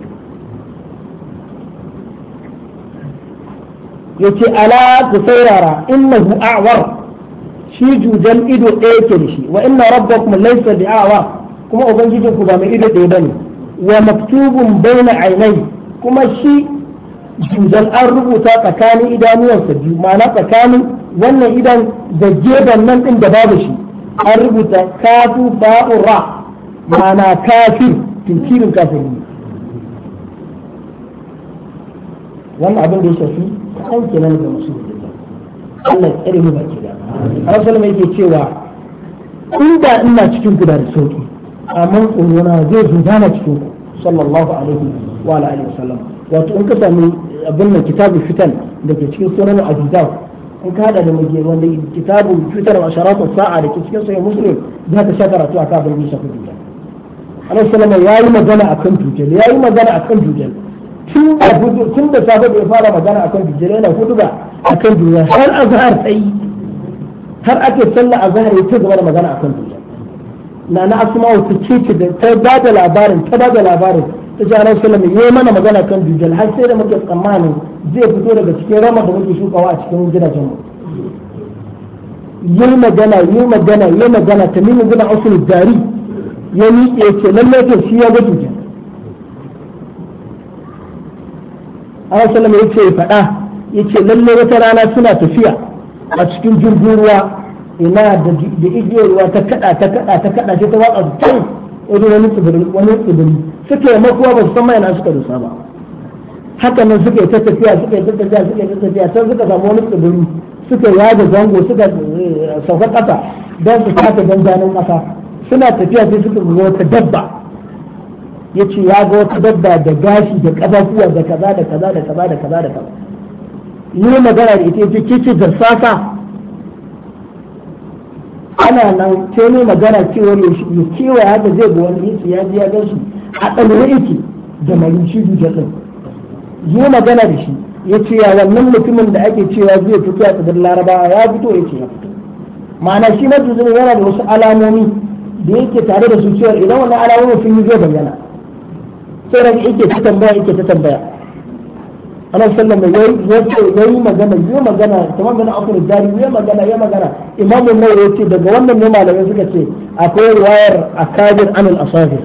Speaker 1: biyu yace ala ku saurara innahu a'war shi jujan ido ɗaya ke da shi wa inna rabbakum laysa bi'awar kuma ubangijin ku ba mai ido ɗaya bane wa maktubun baina ainai kuma shi jujan an rubuta tsakanin idanuwansa biyu ma'ana tsakanin wannan idan da gefen nan din da babu shi an rubuta kafu ra ma'ana kafir tunkirin kafiri ne wannan abin da ya shafi an kenan ga masu Allah ya tsare mu baki da Rasul mai ke cewa inda ina cikin guda da sauki amma tsorona zai zuzana cikin ku sallallahu alaihi wa alihi wato in ka sami abin nan kitabul fitan da ke cikin sunan abidaw in ka hada da mage wanda kitabul fitan wa da ke cikin sahih muslim za sha karatu a kafin da alaihi salama ya yi magana a kan dujjal ya yi magana a kan dujjal tun da safe ya fara magana a kan dujjal yana hudu ba a kan dujjal har azhar ta yi har ake sallah azhar ya ci gaba da magana a kan dujjal na na asma'u ta ce da ta ba da labarin ta ba da labarin ta ce alaihi salama ya yi mana magana kan dujjal har sai da muke tsammanin zai fito daga cikin rama da muke shukawa a cikin gidajen mu yi magana yi magana yi magana ta mu gina usul dari ya miƙe ya ce lallai ce shi ya ce cuta wasu lamar ya ce ya faɗa ya ce lallai wata rana suna tafiya a cikin jirgin ruwa ina da igiyar ruwa ta kaɗa ta kaɗa ta kaɗa ce ta watsa can wani wani tsibiri wani tsibiri suke yi makuwa ba su san mai na suka rusa ba haka nan suka yi ta tafiya suka yi ta tafiya suka yi ta tafiya sai suka samu wani tsibiri suka yaga zango suka eh, sauka ƙasa don su sake don ganin ƙasa suna tafiya sai suka ga wata dabba ya ce ya ga wata dabba da gashi da ƙafafuwa da kaza da kaza da kaza da kaza da kaza yi magana da ita ya ce ce jarsasa ana nan sai ne magana cewa ya kewa ya ga zai ga wani yake ya ji ya gan shi a ɗalibin yake da mai shi da ɗin yi magana da shi ya ce ya wannan mutumin da ake cewa zai fito a tsibirin larabawa ya fito ya ce ya fito ma'ana shi na yana da wasu alamomi da yake tare da zuciyar idan wani alamomin sun yi zai bayyana sai ran yake ta tambaya yake ta tambaya Allah sallam yayi ce yayi magana yayi magana kuma magana akwai dari yayi magana yayi magana imamu nawawi yace daga wannan ne malamin suka ce akwai riwayar akadir an al-asafir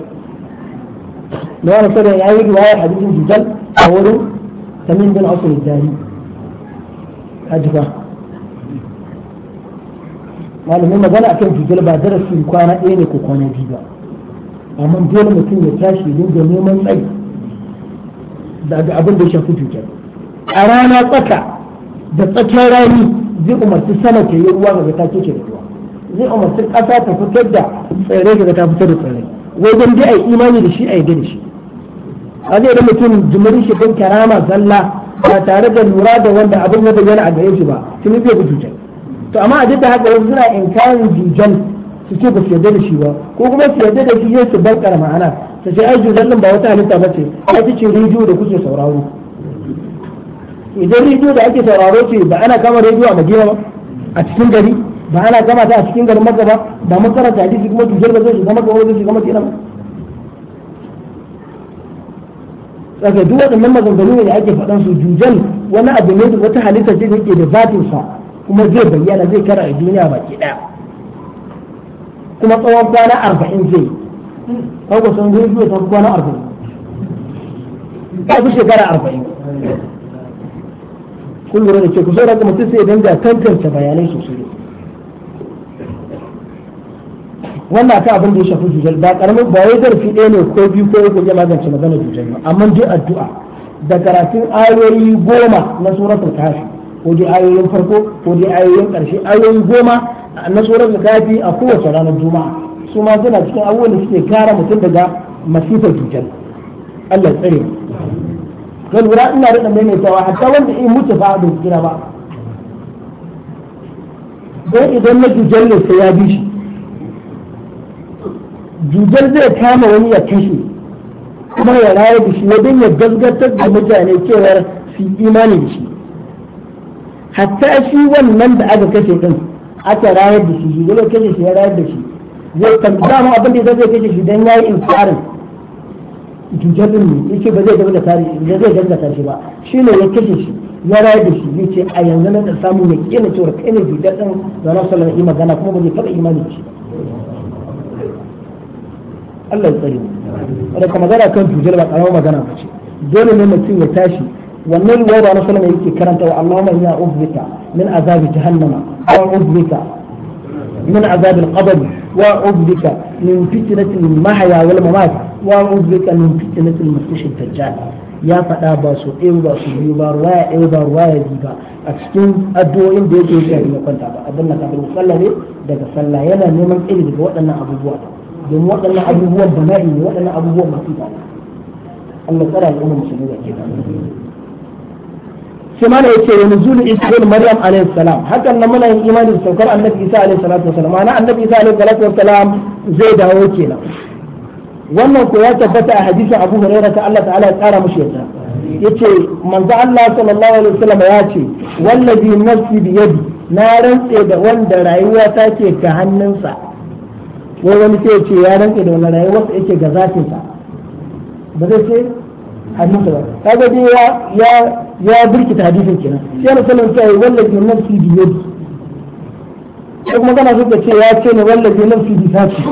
Speaker 1: da wannan sai yayi yi riwayar hadisin jidal a wurin tamim bin asr al-dari ajiba malamai magana akan fitil ba darasi kwana ɗaya ne ko kwana biyu ba amma dole mutum ya tashi dinga neman tsayi daga abin da ya shafi fitil a rana tsaka da tsakiyar rani zai umarci sama ta yi ruwa daga ta kece da ruwa zai umarci ƙasa ta fitar da tsirrai daga ta fitar da tsirrai wajen dai a yi imani da shi a yi da shi a zai da mutum jimirin shi don karama zalla ba tare da lura da wanda abin ya bayyana a gare shi ba tuni zai fi cutar to amma a da haka yanzu suna inkarin jujan su ce ba su yarda da shi ba ko kuma su yarda da shi ya su bankar ma'ana su ce ai dujal din ba wata halitta ba ce ai ce rediyo da kuke sauraro idan rediyo da ake sauraro ce ba ana kama rediyo a madina ba a cikin gari ba ana kama ta a cikin garin maka ba ba mun karanta hadisi kuma dujal ba zai shiga maka ba zai shiga madina ba saka duk waɗannan maganganu ne da ake faɗan su jujan wani abu ne wata halitta ce da yake da zatin sa kuma zai bayyana zai kara a duniya baki daya kuma tsawon kwana arba'in zai kawo sun zai zuwa tsawon kwana arba'in kafin shekara arba'in kun lura da ke kusa da mutum sai danga tantance bayanai sosai wannan ta abin da ya shafi jujal ba karamin ba wai zarfi ɗaya ne ko biyu ko uku ya magance magana jujal ba amma duk addu'a da karatun ayoyi goma na suratul kafi ko dai ayoyin farko ko dai ayoyin ƙarshe ayoyi goma na tsoron kafi a kowace ranar juma'a su ma suna cikin abubuwan da suke kare mutum daga masifar cutar Allah tsare ga lura ina da maimaitawa hatta wanda in mutu ba bai kira ba dan idan na jujjal ne sai ya bi shi jujjal zai kama wani ya kashe kuma ya rayu da shi wajen ya gasgatar da mutane cewar su imani da shi hatta shi wannan da aka kashe din aka rayar da shi shi galo kashe shi ya rayar da shi zai tambaya mu abin da zai kashe shi dan yayi inkarin jujjalin ne yace ba zai dinga tare ba zai dinga tare shi ba shine ya kashe shi ya rayar da shi yace a yanzu na da samu ne kina cewa kai ne jujjal din da na sallallahu alaihi magana kuma ba zai fada imani shi Allah ya tsare mu da kuma magana kan jujjal ba karamar magana ba ce dole ne mutum ya tashi والنبي وضع الله صلى الله عليه وسلم اللهم إنا أذبك من عذاب جهنم وأذبك من عذاب القبر وأذبك من فتنة المحيا والممات وأذبك من فتنة المفتش الدجال يا فتاة باسو إيو باسو بيو بارواء إيو بارواء ديبا أكسكين أدو إن ديو كيو كيو كيو كنت أبا أدو ما تابلو صلى لي دك صلى يلا نمم إلي دك وقتنا أبو بوات دم وقتنا أبو بوات دمائي وقتنا أبو بوات مفتاة الله تعالى الأمم سنوية كيبا sai mana yake wa nuzul isa bin maryam alayhi salam hakan nan muna yin imani saukar annabi isa alayhi salatu wasalam ana annabi isa alayhi salatu wasalam zai dawo kenan wannan ko ya tabbata a hadisin abu hurairah ta Allah ta'ala ya tsara mushi yadda yace manzo Allah sallallahu alaihi wasallam ya ce wallazi nafsi bi yadi na rantse da wanda rayuwa ta ke ga hannunsa wai wani sai ya ce ya rantse da wanda rayuwarsa yake ga zafinsa ba zai ce hadisin ba kaga dai ya ya ya birkita hadisin kenan sai Allah sallallahu alaihi wasallam ya ce wallahi nafsi biyu yadi ko kuma kana so ka ce ya ce ne wallahi nafsi bi sati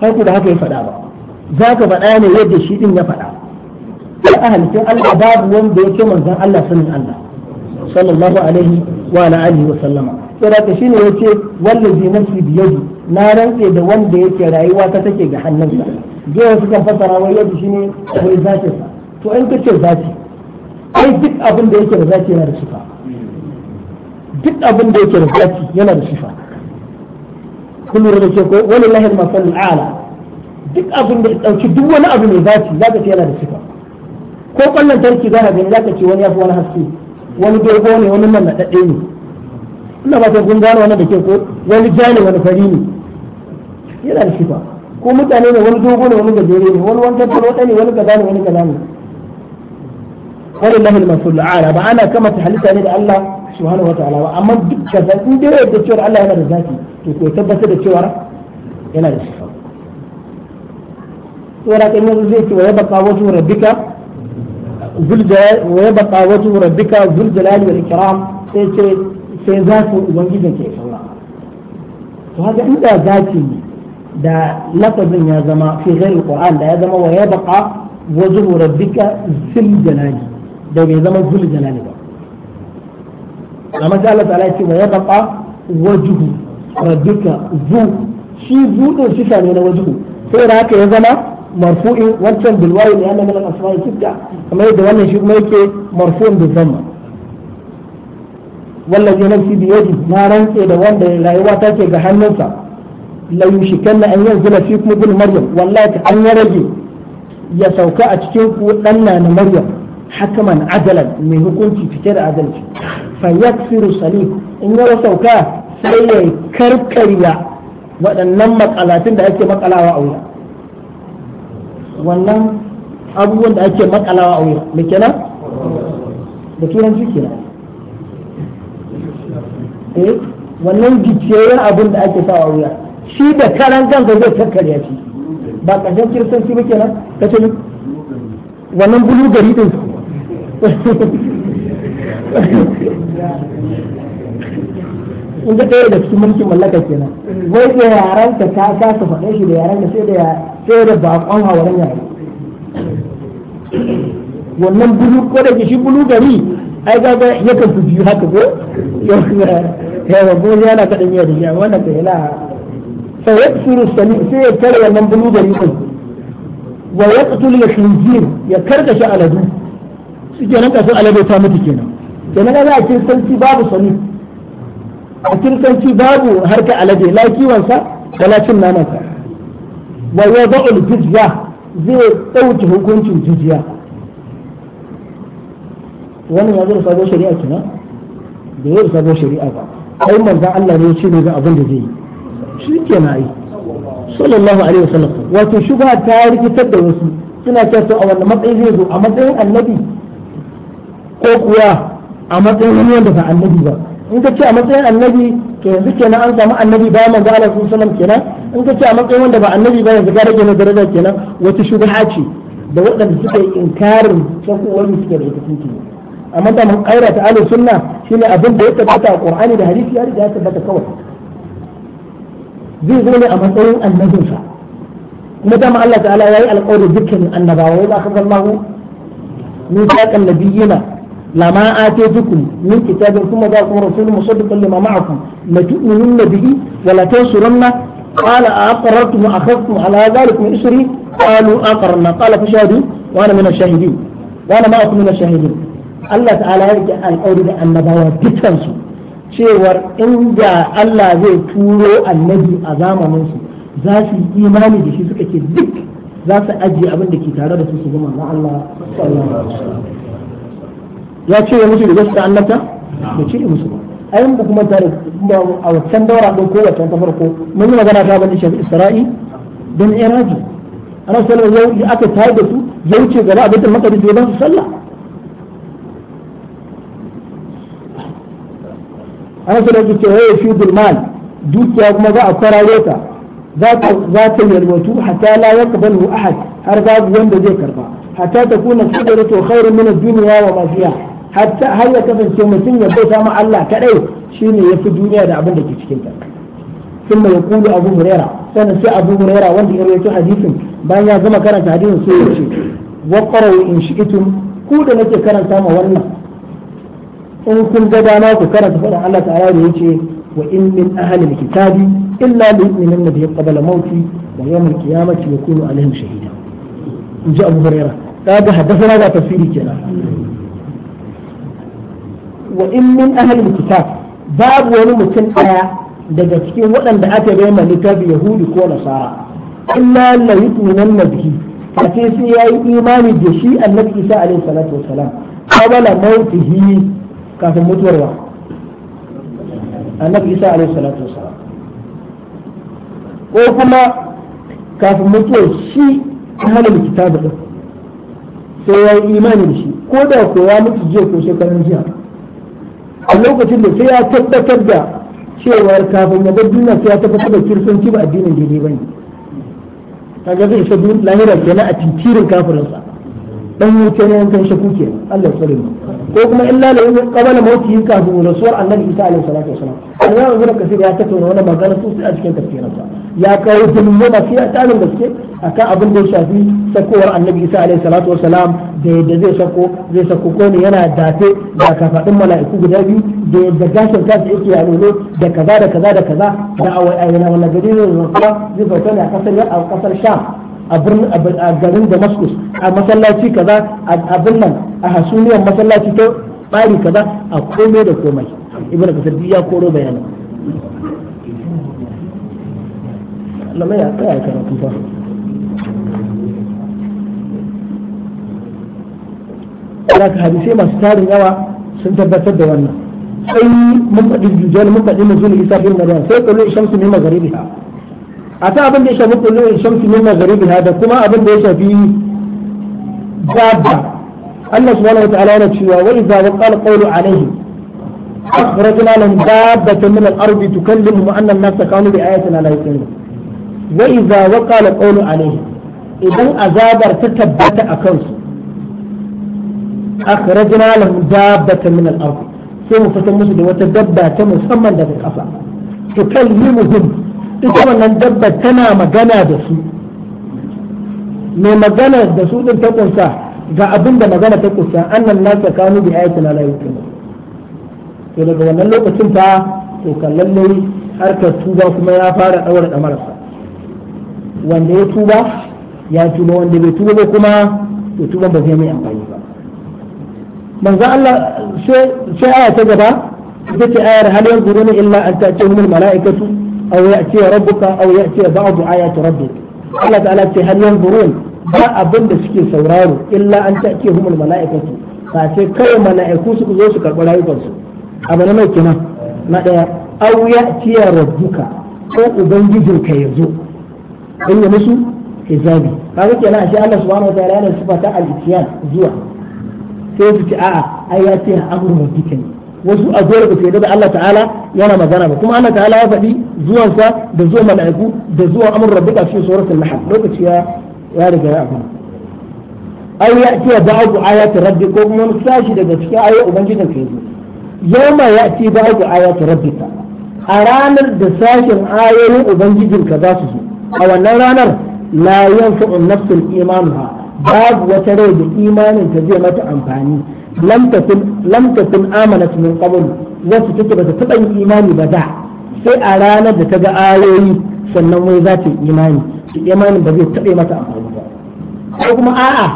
Speaker 1: kai ku da haka ya faɗa ba za ka faɗa ne yadda shi din ya faɗa a halittun Allah babu wanda ya ce manzon Allah sanin Allah sallallahu alaihi wa alihi wa sallama saboda shine yace wallazi nafsi biyadi na rantse da wanda yake rayuwa ta take ga hannunsa je wasu kan fasara wai yadda shine wai zaki sa to in ce zaci ai duk abin da yake da zaci yana da sifa duk abin da yake da zaci yana da sifa kun lura da ke ko wani lahir masal ala duk abin da dauki duk wani abu mai zaci zaka ce yana da sifa ko kallon tarki zaka gani zaka ce wani yafi wani haske wani dogo ne wani nan da ne ina ba ta kun gane wannan da ke ko wani jani wani fari ne yana da shifa ko mutane ne wani dogo ne wani gajere ne wani wankan talota ne wani kaza ne wani kaza ne wani al-masul ala ba ana kama ta halitta ne da Allah subhanahu wa ta'ala ba amma duk kaza in dai da cewa Allah yana da zaki to ko tabbatar da cewa yana da shifa to da kan yanzu zai ce wa yabqa wajhu rabbika zul jalal wa yabqa wajhu rabbika zul jalali wal ikram sai ce sai za su ubangijin ke saura to haka inda zaki ne da lafazin ya zama fi ghairi qur'an da ya zama wa ya baqa wajhu rabbika zil jalali da bai zama zul jalali ba amma sai Allah ta'ala ya ce wa ya baqa wajhu rabbika zu shi zu din sifa ne na wajhu sai da haka ya zama marfu'in wancan bilwayi ne yana min al-asma'i sitta kamar yadda wannan shi kuma yake marfu'in bi zamma wallazi nafsi bi yadi na rantse da wanda rayuwa take ga hannunsa la yushikanna an yanzila fikum ibn maryam wallahi an ya rage ya sauka a cikin ku dan na maryam hakaman adalan mai hukunci cike da adalci fa yaksiru salih in ya sauka sai ya karkarya waɗannan makalatun da ake makalawa a wuya wannan abubuwan da ake makalawa a wuya me kenan da turanci kenan Eh, wannan gicciyoyin abin da ake sawa wuya shi da karan kanka zai karkarya shi ba ƙarshen kiristanci ba kenan ka ce wannan bulu gari din in ga ɗaya da cikin mulkin mallaka kenan wai da yaran ka ta su faɗe shi da yaran ka sai da sai da bakon hawarin yaran wannan bulu ko da shi bulu gari ai gaga yakan fi biyu haka ko yawa ko yana kaɗa miya da yawa wannan ka yana fa yaksiru Sani sai ya tare wannan bulu da rikon wa yaqtul yakhijir ya karka shi aladu su nan kasan alade ta mutu kenan kenan ga a cikin kiristanci babu Sani. a cikin kiristanci babu harka alade la kiwonsa wala cin namansa wa yada'ul jizya zai ɗauke hukuncin jijiya wannan ya zo da sabon shari'a kina da yau da sabon shari'a ba ai manzon Allah ne ya ce ne ga abin da zai yi shi ke na yi sallallahu alaihi wasallam wato shubha ta rikitar da wasu suna cewa to a wannan matsayin zai zo a matsayin annabi ko kuwa a matsayin wani wanda ba annabi ba in ka ce a matsayin annabi to yanzu kenan an samu annabi ba manzo Allah sallallahu kenan in ka ce a matsayin wanda ba annabi ba yanzu ga rage na daraja kenan wata shubha ce da waɗanda suka yi inkarin sakuwar suke da ita amma da mun kaira ta ahlus sunna shine abin da ya tabbata a qur'ani da hadisi ya riga ya tabbata kawai zai zo ne a matsayin annabinsa kuma dama Allah ta'ala yayi alƙawari dukkan annabawa wa akhadha Allah mithaqan nabiyyina lama atatukum min kitabin kuma za ku rasulun musaddiqan lima ma'akum la tu'minunna bihi wa la tansurunna قال أقررتم وأخذتم على ذلك من إسري قالوا أقررنا قال فشهدوا وأنا من الشاهدين وأنا ما أكون من الشاهدين Allah ta'ala ya rike alƙawari da annabawa dukansu cewar inda Allah zai turo annabi a zamaninsu za su yi imani da shi suka ke duk za su ajiye abin da ke tare da su su gama na Allah ya ce ya mutu da gaskiya annabta ba cire musu ba ayin ba kuma tare a wancan daura ɗin ko wancan ta farko mun yi magana ta bani shafi isra'i don iraji ana sallar yau aka tare da su ya wuce gaba a baitul maqdis ya ba su sallah an su da fi bulman dukiya kuma za a kwarare ta za ta yalwatu hatta la yaqbal hu ahad har babu wanda zai karba hatta ta kuna sabara to khairun min duniya wa ma fiha hatta har ya kasance mutum ya bauta ma Allah kadai shine yafi duniya da abin da ke cikinta. ta kuma ya kulu abu hurera sannan sai abu hurera wanda ya rawaito hadisin bayan ya zama karanta hadisin sai ya ce wa qara in shi'tum ku da nake karanta ma wannan in kun ga dama ku karanta faɗin Allah ta'ala da yace wa in min ahli alkitabi illa bi idnin nabiy qabla mauti wa yawm alqiyamati yakunu alaihim shahida in ji Abu Hurairah kaga haddathana da tafsiri kenan wa in min ahli alkitab babu wani mutum daya daga cikin waɗanda aka bai ma littafi yahudi ko nasara illa la yu'minanna bihi fa sai sai yayi imani da shi annabi Isa alaihi salatu wassalam qabla mautihi kafin mutuwarwa annabi isa alaihi salatu wasalam ko kuma kafin mutuwar shi ahlul da din sai ya yi imani da shi ko da ko ya mutu jiya ko shekarun jiya a lokacin da sai ya tabbatar da cewa kafin ya bar duniya sai ya tabbatar da kirsanci ba addinin daidai bane ta zai isa lahira kenan a tintirin kafirinsa dan wuce ne yankan shi kuke Allah ya mu ko kuma illa la yuzin qabala mawtihi kafin rasuwar annabi Isa alaihi salatu wasalam Allah ya zura kasir ya tattauna wannan magana sosai a cikin tafsirinsa ya kawo jumla ba sai ya nan gaske akan abin da ya shafi sakowar annabi Isa alaihi salatu wasalam da yadda zai sako zai sako ko ne yana dafe da kafadin mala'iku guda biyu da yadda gashin kansa yake ya lolo da kaza da kaza da kaza da awai ayyana wannan gari ne zai bauta ne a kasar a kasar Sham a birnin a garin Damascus a masallaci kaza a birnin a hasuniyar masallaci ta bari kaza a komai da komai ibn kasar ya koro bayanin lamai ya tsaya karatu fa zaka hadisai masu tarin yawa sun tabbatar da wannan sai mun faɗi jujjal mun faɗi zuwa isa bin maryam sai kullu shamsu ne magharibiha akan abin da ya shafi kullun shamsi min magharibiha da kuma abin da ya shafi dabba Allah subhanahu wataala yana cewa wa idza waqala qawlu alaihim
Speaker 2: akhrajna lahum
Speaker 1: dabbatan min al-ardi tukallimuhum anna an-nasa kanu bi ayatina la yuqinun wa idza waqala qawlu alaihim idan azabar ta tabbata a kansu akhrajna lahum dabbatan min al-ardi sai mu fitar musu da wata dabba ta musamman daga kasa tukallimuhum ita wannan dabba tana magana da su mai magana da su din ta kunsa ga abin da magana ta kunsa annan nasa kanu bi ayatin ala yukinu to daga wannan lokacin ta to kallalle harkar tuba kuma ya fara daura marasa, wanda ya tuba ya tuba wanda bai tuba ba kuma to tuba ba zai mai amfani ba manzo Allah sai aya ta gaba ita ayar hal yanzuruna illa an ta'tihumul mala'ikatu aw ya'ti rabbuka aw ya'ti ba'du ayati rabbik Allah ta'ala ce hal yanzurun ba abin da suke sauraro illa an ta'tihumul mala'ikatu fa sai kai mala'iku su zo su karɓi rayukansu abu na mai kenan na daya aw ya'ti rabbuka ko ubangijinka ya zo in ya musu hijabi kaga kenan ashe Allah subhanahu wa ta'ala yana sifata al-ityan zuwa sai su ce a'a ai ya ce amru rabbika ne wasu a dole da su da Allah ta'ala yana magana ba kuma Allah ta'ala ya faɗi zuwansa da zuwan mala'iku da zuwan amur rabbika cikin suratul nahl lokaci ya ya riga ya abin aw ya'ti ba'd ayati rabbi ko kuma wani sashi daga cikin ayoyin ubangijin ka yazo yawma ya'ti ba'd ayati rabbika a ranar da sashin ayoyin ubangijin ka za su zo a wannan ranar la yanfa'u nafsul imanuha babu wata rai da imanin ta zai mata amfani lam takun amanat min qabl wacce take ta taba yin imani ba da sai a ranar da ta ga ayoyi sannan wai za ta yi imani to imanin ba zai taɓa mata amfani ba ko kuma a'a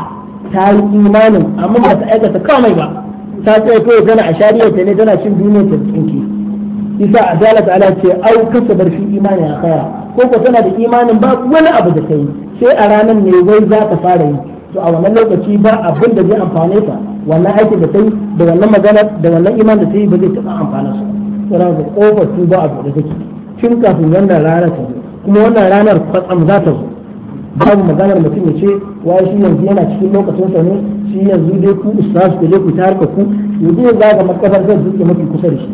Speaker 1: ta yi imanin amma ba ta aikata komai ba ta tsaye kawai tana a shari'a ta ne tana cin duniyar ta tsinki isa a jala ala ce au kasa barfi imani a kaya ko ko tana da imanin ba wani abu da ta yi sai a ranar ne wai za ta fara yi to a wannan lokaci ba abin da zai amfane ta wannan aikin da sai da wannan magana da wannan iman da sai ba zai taɓa amfana su saboda kofar su ba a buɗe take tun kafin wannan ranar ta zo kuma wannan ranar kwatsam za ta zo babu maganar mutum ya ce wai shi yanzu yana cikin lokacin sa ne shi yanzu dai ku ustaz ku je ku ta harka ku yanzu za zaga makabar zai zuke mafi kusa da shi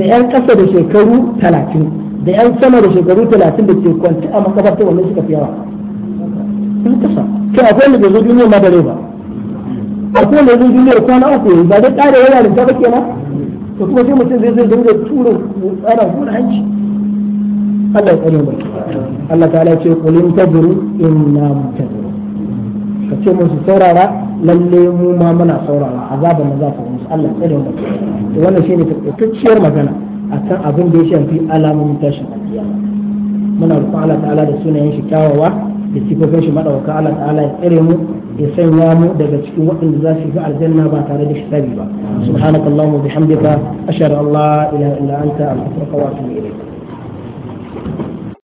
Speaker 1: da yan kasa da shekaru talatin da yan sama da shekaru talatin da ke kwanci a makabarta wannan suka fi yawa sun kasa to akwai wanda bai zo duniya ma dare ba akwai wanda zai duniya kwana uku ba dai kare yana da ta kenan to kuma sai mutum zai zai dinga tura ko gura hanci Allah ya tsare mu Allah ta'ala ce qul in tadru inna mutadru ka ce musu saurara lalle mu ma muna saurara azaban da za ta musu Allah ya tsare mu to wannan shine takaitacciyar magana akan abin da ya shafi alamomin tashin alkiyama muna roƙon Allah ta'ala da sunayen shi kyawawa da sifofin shi madawaka Allah ta'ala ya tsare mu ya sanya mu daga cikin waɗanda za su yi aljanna ba tare da hisabi ba subhanakallahumma bihamdika ashhadu an la ilaha illa anta astaghfiruka wa atubu ilayk